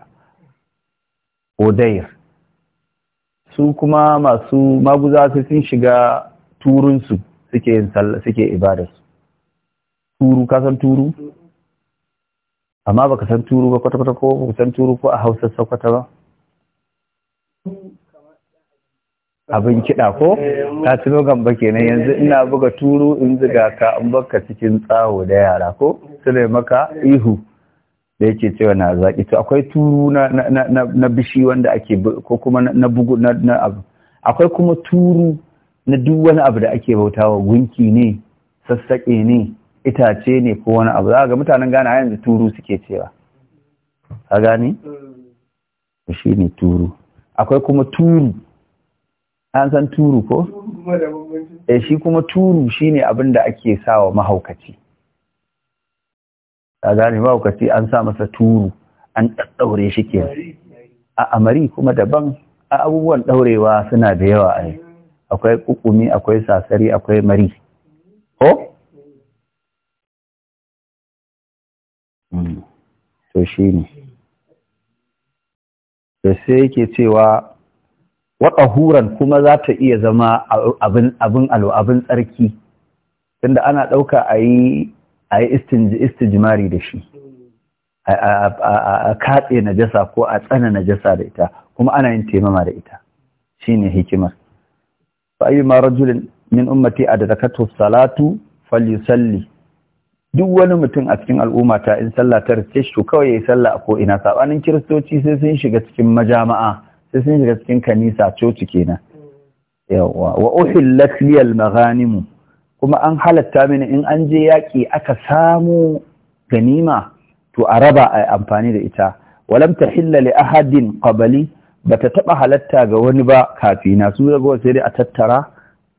odair su kuma masu maguza sai sun shiga turunsu suke yin sallah suke ibadarsu turu ka san turu amma baka san turu ba kwata-kwata ko baka san turu ko a hausa sakwata ba abin kiɗa ko ka tuno gamba kenan yanzu ina buga turu in ziga ka an baka cikin tsaho da yara ko sule maka ihu da yake cewa na zaki to akwai turu na na na bishi wanda ake ko kuma na bugu na na abu akwai kuma turu na duk wani abu da ake bauta wa gunki ne sassaƙe ne itace ne ko wani abu za ga mutanen gana yanzu turu suke cewa ka gane mm. shi ne turu akwai kuma turu an san turu ko? E shi kuma turu shine abin da ake sa wa mahaukaci. Ta gane mahaukaci an sa masa turu an ɗaɗɗaure shi ke. A amari kuma daban a abubuwan ɗaurewa suna da yawa a Akwai ƙuƙumi, akwai sasari, akwai mari. Ko? Hmm. To shi ne. Da sai yake cewa wa huran kuma za ta iya zama abin alo abin tsarki tunda ana ɗauka a yi istijimari da shi a katse najasa ko a tsana najasa da ita kuma ana yin taimama da ita shine hikimar yi ayyuma julin min ummati adrakatu salatu Falisalli. duk wani mutum a cikin al'umma ta in sallah ta shi kawai yayi sallah a ko ina sabanin kiristoci sai sun shiga cikin majama'a sai sun shiga cikin kanisa coci kenan yawwa wa uhillat liyal maganinmu kuma an halatta mini in an je yaƙi aka samu ganima to a raba a amfani da ita walam tahilla li ahadin ba bata taba halatta ga wani ba kafina su daga sai a tattara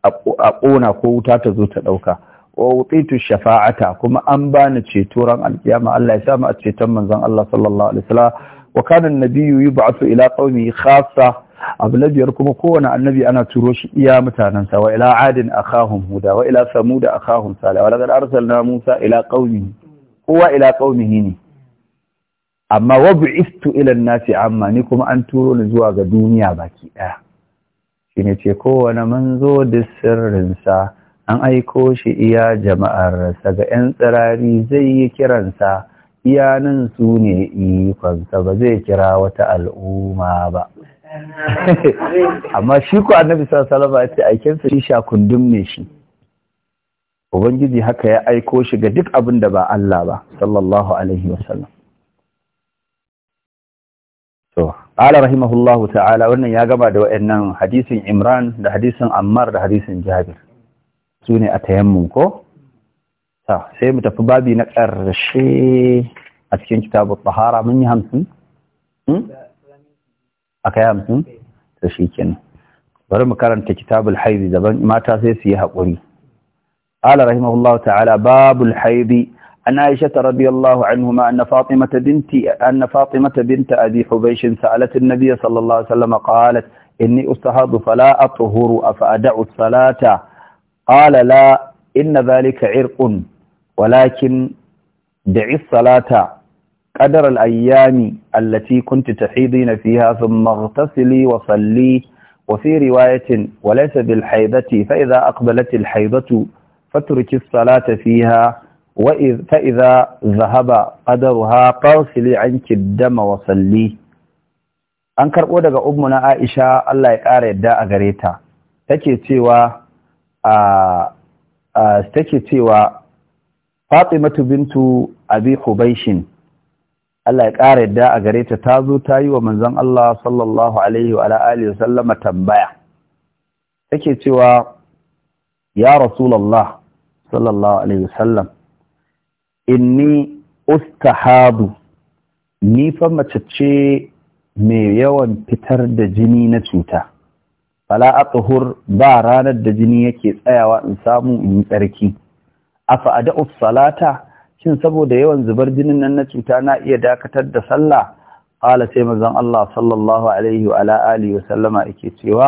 a kona ko wuta ta zo ta dauka wa utitu shafa'ata kuma an bani ceto ran alkiyama Allah ya sa mu a ceton manzon Allah sallallahu alaihi wasallam wa Nabiyu annabiyyu yub'athu ila qaumihi khassa abu na biyar kuma kowane annabi ana turo shi iya mutanensa wa ila adin akhahum huda wa ila samud akhahum salih wa laqad arsalna musa ila qaumihi kowa ila qaumihi ne amma wa bu'istu ila an-nasi amma ni kuma an turo ni zuwa ga duniya baki daya shine ce kowane manzo da sirrinsa an aiko shi iya jama'ar sa ga yan tsirari zai yi kiransa iyanin su ne ikonsa ba zai kira wata al'umma ba amma shi ku annabi salama ce aikin su shi shakundum ne shi ubangiji haka ya aiko shi ga duk abin da ba Allah ba sallallahu alaihi wasallam to ala rahimahullahu ta'ala wannan ya gaba da wayannan hadisin Imran da hadisin Ammar da hadisin Jabir sune a tayammun ko sai mu tafi babi na ƙarshe a cikin kitabu tsahara mun yi hamsin? Hmm? aka yi hamsin? ta shi kenan bari mu karanta kitabul haizi daban mata sai su yi haƙuri ala rahimahullah ta'ala babul haizi an aisha ta radiyallahu anhuma anna fatimata binti anna fatimata binta abi hubaysh sa'alat an-nabiy sallallahu alaihi wasallam qalat inni ustahadu fala atuhuru afa ad'u as-salata qala la inna dhalika irqun ولكن دعي الصلاة قدر الأيام التي كنت تحيضين فيها ثم اغتسلي وصلي وفي رواية وليس بالحيضة فإذا أقبلت الحيضة فترك الصلاة فيها وإذ فإذا ذهب قدرها قاصلي عنك الدم وصلي أنكر أودك daga عائشة الله Allah ya أغريتا تكي تيوى gare ta تكي تيوى Fatimatu bintu Abi Hubaishin Allah ya ƙara yadda a gare ta ta zo ta yi wa manzon Allah sallallahu alaihi wa alihi sallama tambaya take cewa ya Rasulullah sallallahu alaihi wa sallam inni ustahadu ni fa mace ce mai yawan fitar da jini na cuta fala atuhur ba ranar da jini yake tsayawa in samu in yi tsarki afa ada'u salata shin saboda yawan zubar jinin nan na cuta na iya dakatar da sallah qala sai manzon Allah sallallahu alaihi wa ala wa sallama yake cewa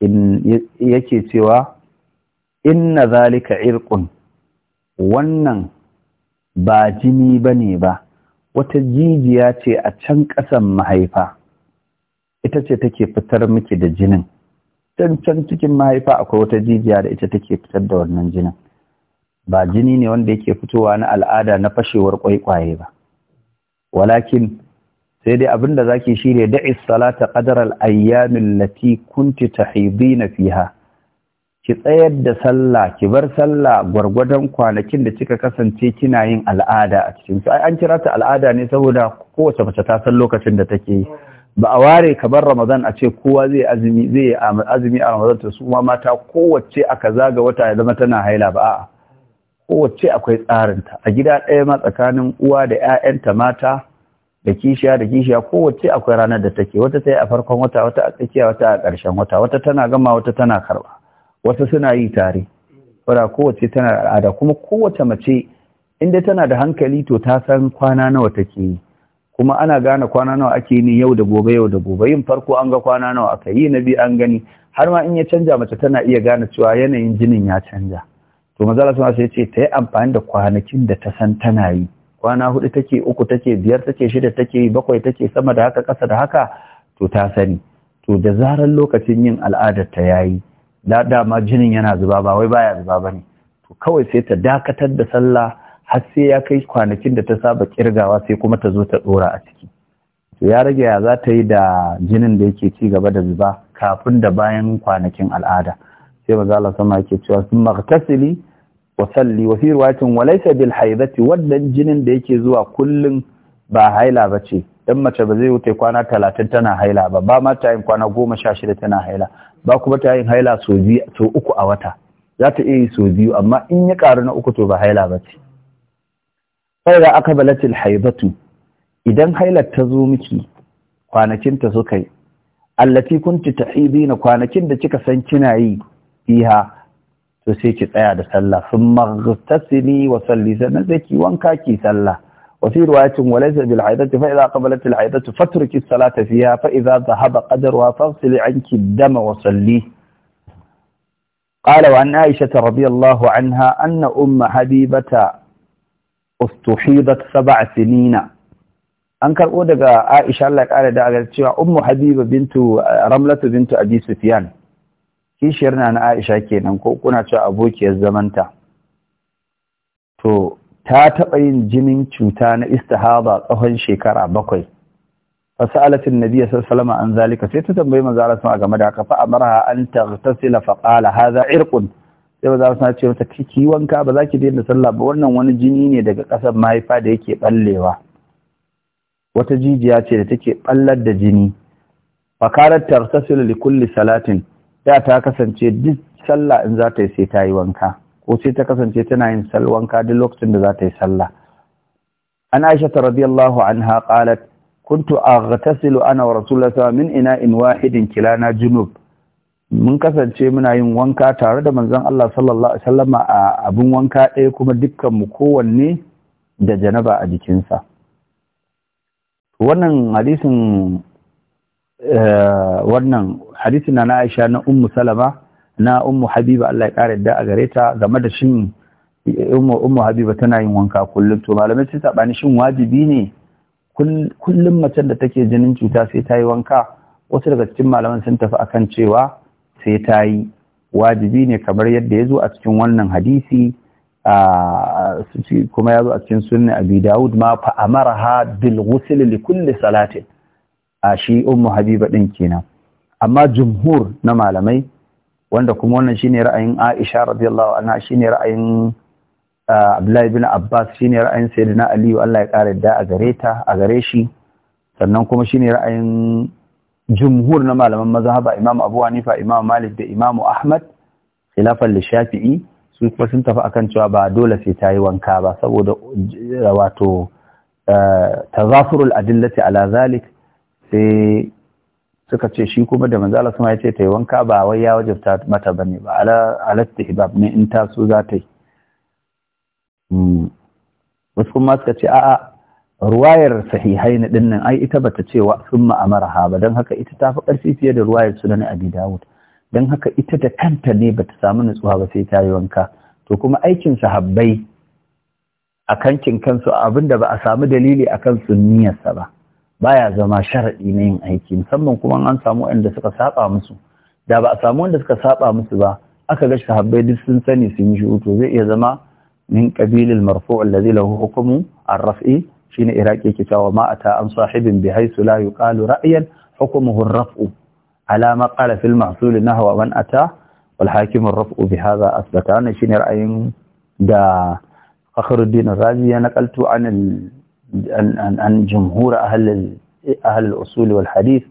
in yake cewa inna zalika irqun wannan ba jini bane ba wata jijiya ce a can ƙasan mahaifa ita ce take fitar miki da jinin can can cikin mahaifa akwai wata jijiya da ita take fitar da wannan jinin ba jini ne wanda yake fitowa na al'ada na fashewar kwaikwaye ba walakin sai dai abinda zaki shirye da'i salata qadar al-ayyam allati kunti tahidina fiha ki tsayar da sallah ki bar sallah gwargwadon kwanakin da kika kasance kina yin al'ada a cikin su an kira ta al'ada ne saboda kowace mace ta san lokacin da take ba a ware kamar Ramadan a ce kowa zai azumi zai azumi a Ramadan ta su ma mata kowace aka zaga wata ya zama tana haila ba a'a kowace akwai tsarinta a gida ɗaya ma tsakanin uwa da 'ya'yanta mata da kishiya da kishiya kowace akwai ranar da take wata ta yi a farkon wata wata a tsakiya wata a ƙarshen wata wata tana gama wata tana karɓa wata suna yi tare wadda kowace tana al'ada kuma kowace mace inda tana da hankali to ta san kwana nawa take yi kuma ana gane kwana nawa ake yi yau da gobe yau da gobe yin farko an ga kwana nawa aka yi na biyu an gani har ma in ya canja mace tana iya gane cewa yanayin jinin ya canja to manzala sun sai ce ta yi amfani da kwanakin da ta san tana yi kwana hudu take uku take biyar take shida take bakwai take sama da haka kasa da haka to ta sani to da zarar lokacin yin al'adar ta yayi da dama jinin yana zuba ba wai baya zuba bane to kawai sai ta dakatar da sallah har sai ya kai kwanakin da ta saba kirgawa sai kuma ta zo ta dora a ciki to ya rage ya za ta yi da jinin da yake ci gaba da zuba kafin da bayan kwanakin al'ada sai manzo Allah sama yake cewa maghtasili wa salli wa fi riwayatin wa laysa bil haidati wannan jinin da yake zuwa kullum ba haila ba ce. dan mace ba zai wuce kwana 30 tana haila ba ba ma ta yin kwana 16 tana haila ba kuma ta yin haila so biyu so uku a wata za ta iya yi so biyu amma in ya karu na uku to ba haila bace sai da aka balatil haidatu idan hailar ta zo miki kwanakin ta suka yi allati kunti tahidina kwanakin da kika san kina yi فيها تسيك تأيه دا سلا فمغتسني وصلي زنزكي وانكاكي سلا وفي رواية وليس بالعيدة فإذا قبلت العيدة فترك الصلاة فيها فإذا ذهب قدرها فاغسل عنك الدم وصليه قال وعن عائشة رضي الله عنها أن أم حبيبة استحيضت سبع سنين أنكر أودك عائشة الله قال دا أم حبيبة بنت رملة بنت أبي سفيان kishiyar na na Aisha kenan ko kuna cewa abokiyar zamanta to ta taɓa yin jinin cuta na istihaba tsawon shekara bakwai fasalatin nabiya sallallahu an zalika sai ta tambayi manzo Allah sama game da haka amara an taghtasila fa qala hadha irqun sai manzo Allah ce mata kiki wanka ba za ki daina sallah ba wannan wani jini ne daga ƙasar mahaifa da yake ballewa wata jijiya ce da take ballar da jini fa qalat tartasilu li kulli salatin da ta kasance duk sallah in za ta yi sai ta yi wanka ko sai ta kasance tana yin wanka duk lokacin da za ta yi sallah an aisha ta radiyallahu anha qalat kuntu aghtasilu ana wa rasulullah min ina'in wahidin kilana junub mun kasance muna yin wanka tare da manzon Allah sallallahu alaihi wasallam a abun wanka ɗaya kuma dukkan mu kowanne da janaba a jikinsa wannan hadisin eh, wannan hadisin na Aisha na Ummu Salama na Ummu Habiba Allah ya kare da a gare ta game da shin Ummu Habiba tana yin wanka kullum to malamai sun sabani shin wajibi ne kullum macen da take jinin cuta sai ta yi wanka wasu daga cikin malaman sun tafi akan cewa sai ta yi wajibi ne kamar yadda ya zo a cikin wannan hadisi kuma ya zo a cikin sunni abi dawud ma fa ha bil ghusl li kulli salatin a shi ummu habiba din kenan amma jumhur na malamai wanda kuma wannan shine ra'ayin Aisha radiyallahu anha shine ra'ayin ah, Abdullahi bin Abbas shine ra'ayin Sayyidina Ali Allah ya kare da a gare ta a gare shi sannan kuma shine ra'ayin jumhur na malaman mazhaba Imam Abu Hanifa Imam Malik da Imam Ahmad khilafan lishafi'i su kuma sun tafi akan cewa ba dole sai ta yi wanka ba saboda wato ah, tazafurul adillati ala zalik sai suka ce shi kuma da manzala sama ya ce ta yi wanka ba wai ya wajabta mata ba ne ba alasta hibab ne in so za ta yi hmm. wasu kuma suka ce a'a ruwayar sahihai na dinnan ai ita bata ce wa sun ma'amara ba don haka ita ta fi ƙarfi fiye da ruwayar sunan abi dawud don haka ita da kanta ne bata samu nutsuwa ba sai ta yi wanka to kuma aikin sahabbai a kankin kansu abinda ba a samu dalili a akan sunniyarsa ba baya zama sharaɗi na yin aiki musamman kuma an samu waɗanda suka saba musu da ba a samu wanda suka saba musu ba aka ga sahabbai duk sun sani sun yi shiru to zai iya zama min qabilil marfu' alladhi lahu hukmu ar-raf'i shine iraki yake cewa ma ata an sahibin bi haythu la yuqalu ra'yan hukmuhu ar-raf'u ala ma qala fil hawa nahwa man ata wal hakim ar-raf'u bi hadha athbata shine ra'ayin da fakhruddin razi ya kaltu an an jumhura ahal usuli wal hadith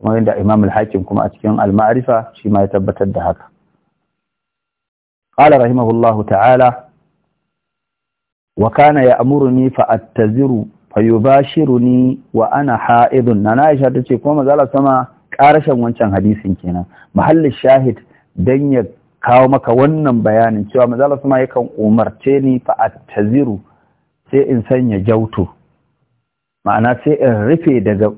kamar yadda imam al-hakim kuma a cikin al-ma'rifa shi ma ya tabbatar da haka ƙala rahimahullahu ta'ala wa kana ya'muruni fa attaziru fayubashiruni wa ana ha'idun na Aisha ce kuma mazala sama karashin wancan hadisin kenan mahallin shahid dan ya kawo maka wannan bayanin cewa mazala sama yakan umarce ni fa sai in sanya jautu. ma'ana sai in rufe daga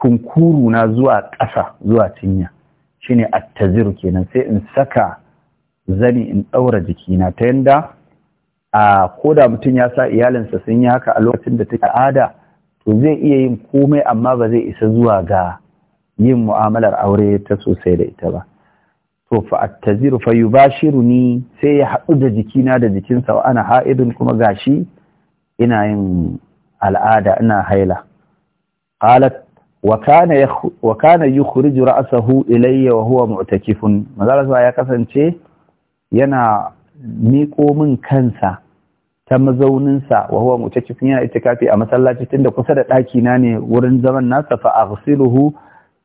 kunkuru na zuwa ƙasa zuwa cinya shine attaziru kenan sai in saka zani in ɗaura jikina ta yanda a koda mutum ya sa iyalinsa sun yi haka a lokacin da take ada. to zai iya yin komai amma ba zai isa zuwa ga yin mu'amalar aure ta sosai da ita ba to fa attaziru fa ni sai ya haɗu da jikina da jikinsa wa ana ha'idun kuma gashi ina yin al'ada ina haila qalat wa kana wa kana yukhriju ra'sahu ilayya wa huwa mu'takifun mazalasa ya kasance yana miko min kansa ta mazauninsa wa huwa mu'takifun yana itikafi a masallaci tunda kusa da ɗaki na ne wurin zaman nasa fa aghsiluhu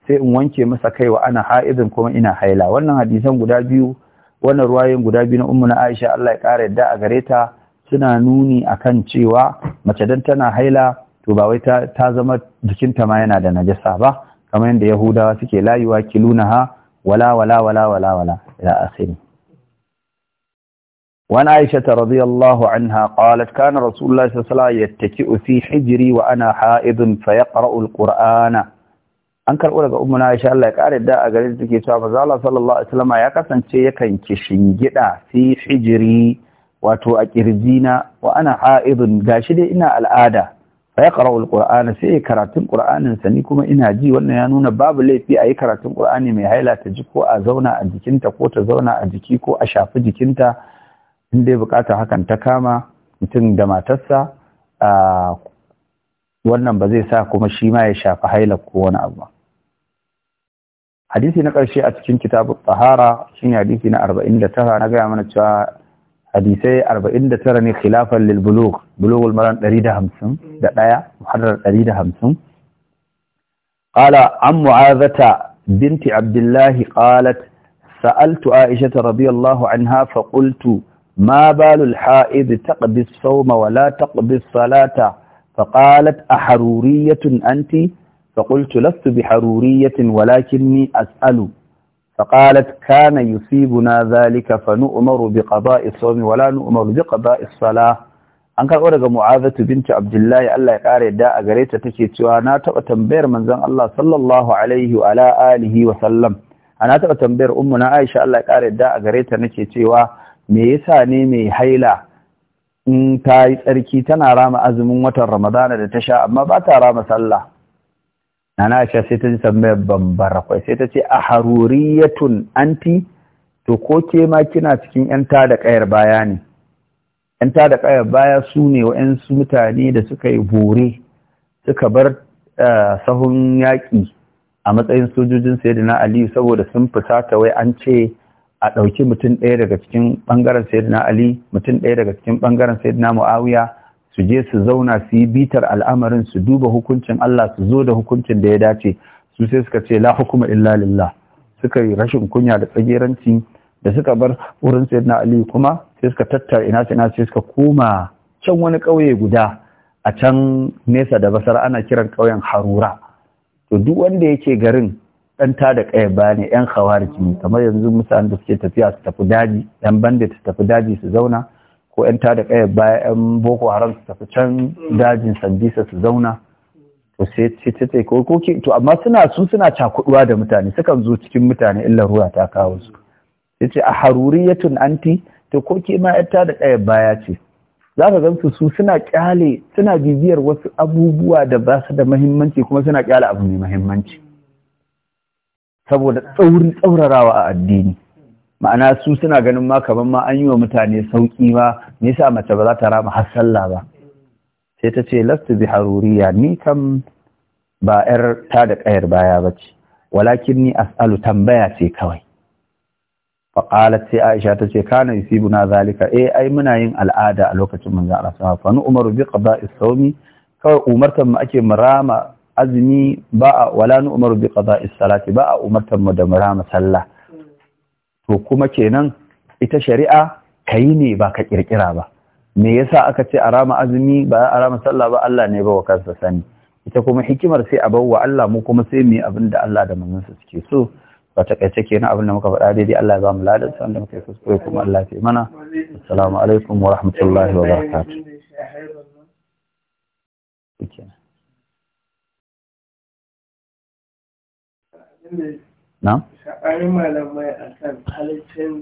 sai in wanke masa kai wa ana haidin kuma ina haila wannan hadisan guda biyu wannan ruwayoyin guda biyu na ummu na Aisha Allah ya ƙara yadda a gare ta suna nuni akan cewa mace dan tana haila to ba wai ta zama jikinta ma yana da najasa ba kamar yadda yahudawa suke layuwa kilunaha wala wala wala wala wala ila akhiri وعن عائشة رضي الله عنها قالت كان رسول الله صلى الله عليه وسلم يتكئ في حجري وأنا حائض فيقرأ القرآن أنكر أولا أمنا عائشة الله قال إداء قريب ذكي سوى فزالة صلى الله عليه وسلم يقصن شيئا كنكشن جدا في حجري wato a na wa ana ha'idun gashi dai ina al'ada fa ya qara'u sai karatun qur'anin sa ni kuma ina ji wannan ya nuna babu laifi a yi karatun ƙur'ani mai haila ta ji ko a zauna a jikinta ko ta zauna a jiki ko a shafi jikinta in dai bukatar hakan ta kama mutum da matarsa wannan ba zai sa kuma shi ma ya shafi haila ko wani abu hadisi na ƙarshe a cikin kitabu tsahara ne hadisi na arba'in da tara na gaya mana cewa hadisai 49 ne khilafan lil bulugh bulughul maram 150 da daya muharrar 150 qala an mu'azata binti abdullah qalat sa'altu aisha radiyallahu anha fa qultu ma balul ha'id taqdi as-sawma wa la taqdi as-salata فقالت أحرورية أنت فقلت لست بحرورية ولكني أسأل فقالت كان يصيبنا ذلك فنؤمر بقضاء الصوم ولا نؤمر بقضاء الصلاة an karbo daga mu'azatu binta abdullahi Allah ya ƙara da a ta take cewa na taɓa tambayar manzon Allah sallallahu alaihi wa ala alihi wa sallam ana taɓa tambayar ummu na Aisha Allah ya ƙara da a gareta ta nake cewa me yasa ne mai haila in ta yi tsarki tana rama azumin watan Ramadana da ta sha amma ba ta rama sallah nana aisha sai ta ji tambayar bambara kwai sai ta ce a haruriyatun anti to ko ke ma kina cikin yan da kayar baya ne yan da kayar baya su ne wa'yansu mutane da suka yi bore suka bar eh, sahun yaƙi a matsayin sojojin sayyidina aliyu saboda sun fusata wai an ce a ɗauki mutum ɗaya daga cikin ɓangaren sayyidina ali mutum ɗaya daga cikin ɓangaren sayyidina mu'awiya su je su zauna su yi bitar al'amarin su duba hukuncin Allah su zo da hukuncin da ya dace su sai suka ce la hukuma illa lillah suka yi rashin kunya da tsageranci da suka bar wurin sayyidina Ali kuma sai suka tattara ina ina sai suka koma can wani ƙauye guda a can nesa da basar ana kiran ƙauyen harura to duk wanda yake garin ɗan ta da ƙaya ne yan khawarij ne kamar yanzu mutanen da suke tafiya su tafi daji dan bande su tafi daji su zauna ko 'yan tada kaya baya 'yan boko haram su tafi can mm. dajin sandisa su zauna to sai ce ce ko to amma suna su suna cakuduwa da mutane sukan zo cikin mutane illa ruwa ta kawo su sai ce a haruri haruriyatun anti to ko ke ma 'yan tada kaya baya ce za ka gamsu su suna kyale suna bibiyar wasu abubuwa da ba su da mahimmanci kuma suna kyale abu mai mahimmanci saboda tsauri tsaurarawa a addini ma'ana su suna ganin ma kamar ma an yi wa mutane sauƙi ba me mace ba za ta rama har sallah ba sai ta ce lastu bi haruriya ni kam ba yar ta da ƙayar baya ba ce walakin ni as'alu tambaya ce kawai qalat sai aisha ta ce kana yusibuna zalika eh ai muna yin al'ada a lokacin manzo Allah sa fa nu umaru bi qada'i sawmi kawai umartan mu ake murama azumi ba wala nu umaru bi qada'i salati ba a umartan mu da murama sallah to kuma kenan ita shari'a ka yi ne ba ka ƙirƙira ba me yasa aka ce a rama azumi ba a rama sallah ba Allah ne ba wa kansa sani ita kuma hikimar sai a bar wa Allah mu kuma sai mu yi abin da Allah da sa suke so ba ta kaice kenan abin da muka faɗa daidai Allah ya ba mu ladan sa wanda muka yi kuskure kuma Allah ya mana assalamu alaikum wa rahmatullahi wa barakatuh you. na? sha'ari malamai a kan halittin